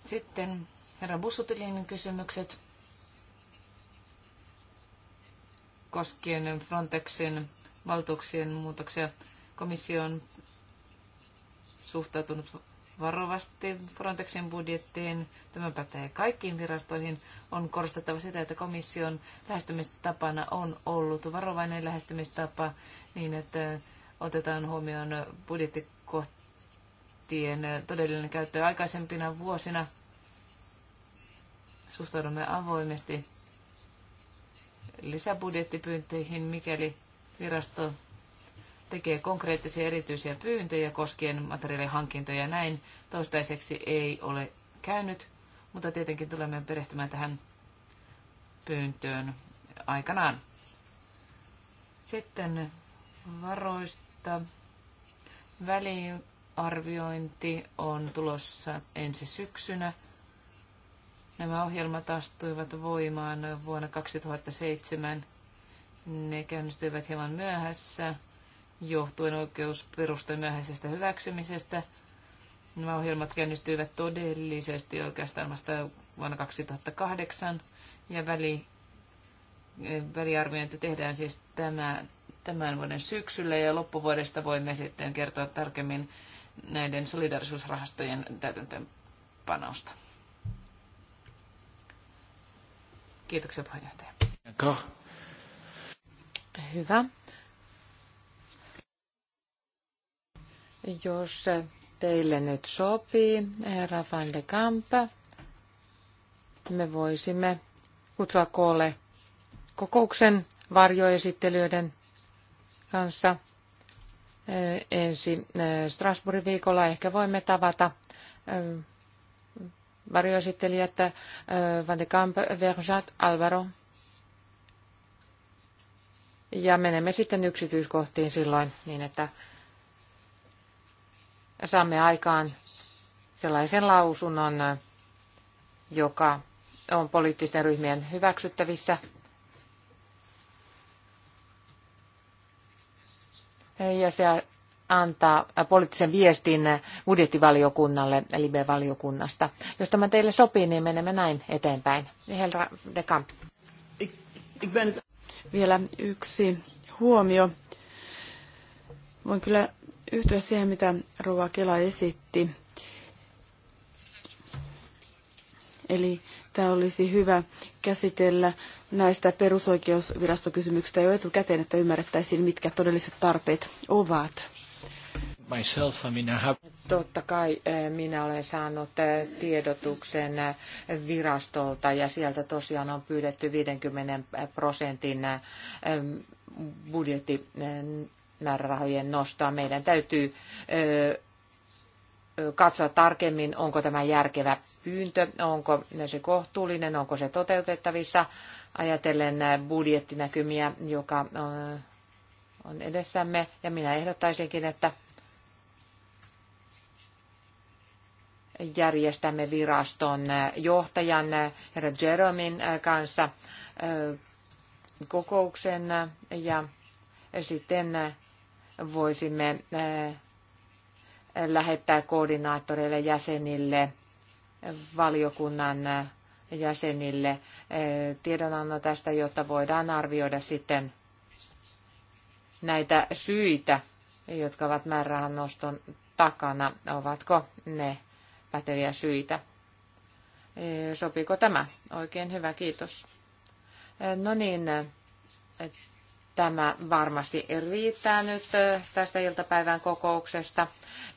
Sitten herra Bussutilin kysymykset koskien Frontexin valtuuksien muutoksia. Komissio on suhtautunut varovasti Frontexin budjettiin. Tämä pätee kaikkiin virastoihin. On korostettava sitä, että komission lähestymistapana on ollut varovainen lähestymistapa niin, että otetaan huomioon budjettikohtien todellinen käyttö aikaisempina vuosina. Suhtaudumme avoimesti lisäbudjettipyyntöihin, mikäli virasto tekee konkreettisia erityisiä pyyntöjä koskien materiaalihankintoja ja näin. Toistaiseksi ei ole käynyt, mutta tietenkin tulemme perehtymään tähän pyyntöön aikanaan. Sitten varoista. Väliarviointi on tulossa ensi syksynä. Nämä ohjelmat astuivat voimaan vuonna 2007 ne käynnistyivät hieman myöhässä johtuen oikeusperusten myöhäisestä hyväksymisestä. Nämä ohjelmat käynnistyivät todellisesti oikeastaan vasta vuonna 2008 ja väli, eh, väliarviointi tehdään siis tämä, tämän vuoden syksyllä ja loppuvuodesta voimme sitten kertoa tarkemmin näiden solidarisuusrahastojen täytäntöönpanosta. Kiitoksia puheenjohtaja. D'accord. Hyvä. Jos teille nyt sopii, herra Van de Kamp, me voisimme kutsua koolle kokouksen varjoesittelyiden kanssa ensi eh, Strasbourgin viikolla. Ehkä voimme tavata eh, varjoesittelijät eh, Van de Kamp, Verjat, Alvaro, ja menemme sitten yksityiskohtiin silloin niin, että saamme aikaan sellaisen lausunnon, joka on poliittisten ryhmien hyväksyttävissä. Ja se antaa poliittisen viestin budjettivaliokunnalle, LIBE-valiokunnasta. Jos tämä teille sopii, niin menemme näin eteenpäin. Helra de vielä yksi huomio. Voin kyllä yhtyä siihen, mitä Rova Kela esitti. Eli tämä olisi hyvä käsitellä näistä perusoikeusvirastokysymyksistä jo etukäteen, että ymmärrettäisiin, mitkä todelliset tarpeet ovat myself, I mean, I have... Totta kai eh, minä olen saanut eh, tiedotuksen eh, virastolta ja sieltä tosiaan on pyydetty 50 prosentin budjettimäärärahojen nostoa. Meidän täytyy katsoa tarkemmin, onko tämä järkevä pyyntö, onko se kohtuullinen, onko se toteutettavissa, ajatellen budjettinäkymiä, joka on edessämme. Ja minä ehdottaisinkin, että järjestämme viraston johtajan herra Jeromin äh, kanssa äh, kokouksen ja sitten äh, voisimme lähettää koordinaattoreille jäsenille, valiokunnan jäsenille tiedonannon tästä, jotta voidaan arvioida sitten näitä syitä, jotka ovat määrärahan noston takana, ovatko ne päteviä syitä. E, Sopiiko tämä? Oikein hyvä, kiitos. E, no niin, e, tämä varmasti riittää nyt tästä iltapäivän kokouksesta.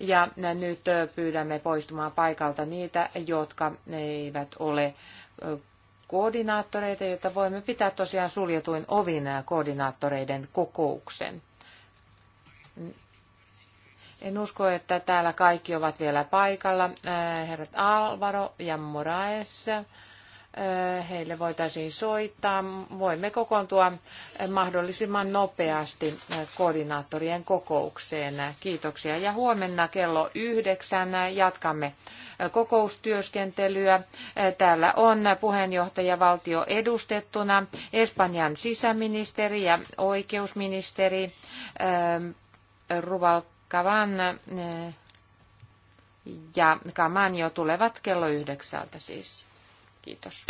Ja nyt pyydämme poistumaan paikalta niitä, jotka eivät ole koordinaattoreita, jotta voimme pitää tosiaan suljetuin ovin koordinaattoreiden kokouksen. En usko, että täällä kaikki ovat vielä paikalla. Äh, herrat Alvaro ja Moraes, äh, heille voitaisiin soittaa. Voimme kokoontua mahdollisimman nopeasti äh, koordinaattorien kokoukseen. Kiitoksia ja huomenna kello yhdeksän jatkamme kokoustyöskentelyä. Täällä on puheenjohtajavaltio edustettuna Espanjan sisäministeri ja oikeusministeri Ruval Kavan eh, ja Kamanjo tulevat kello yhdeksältä siis. Kiitos.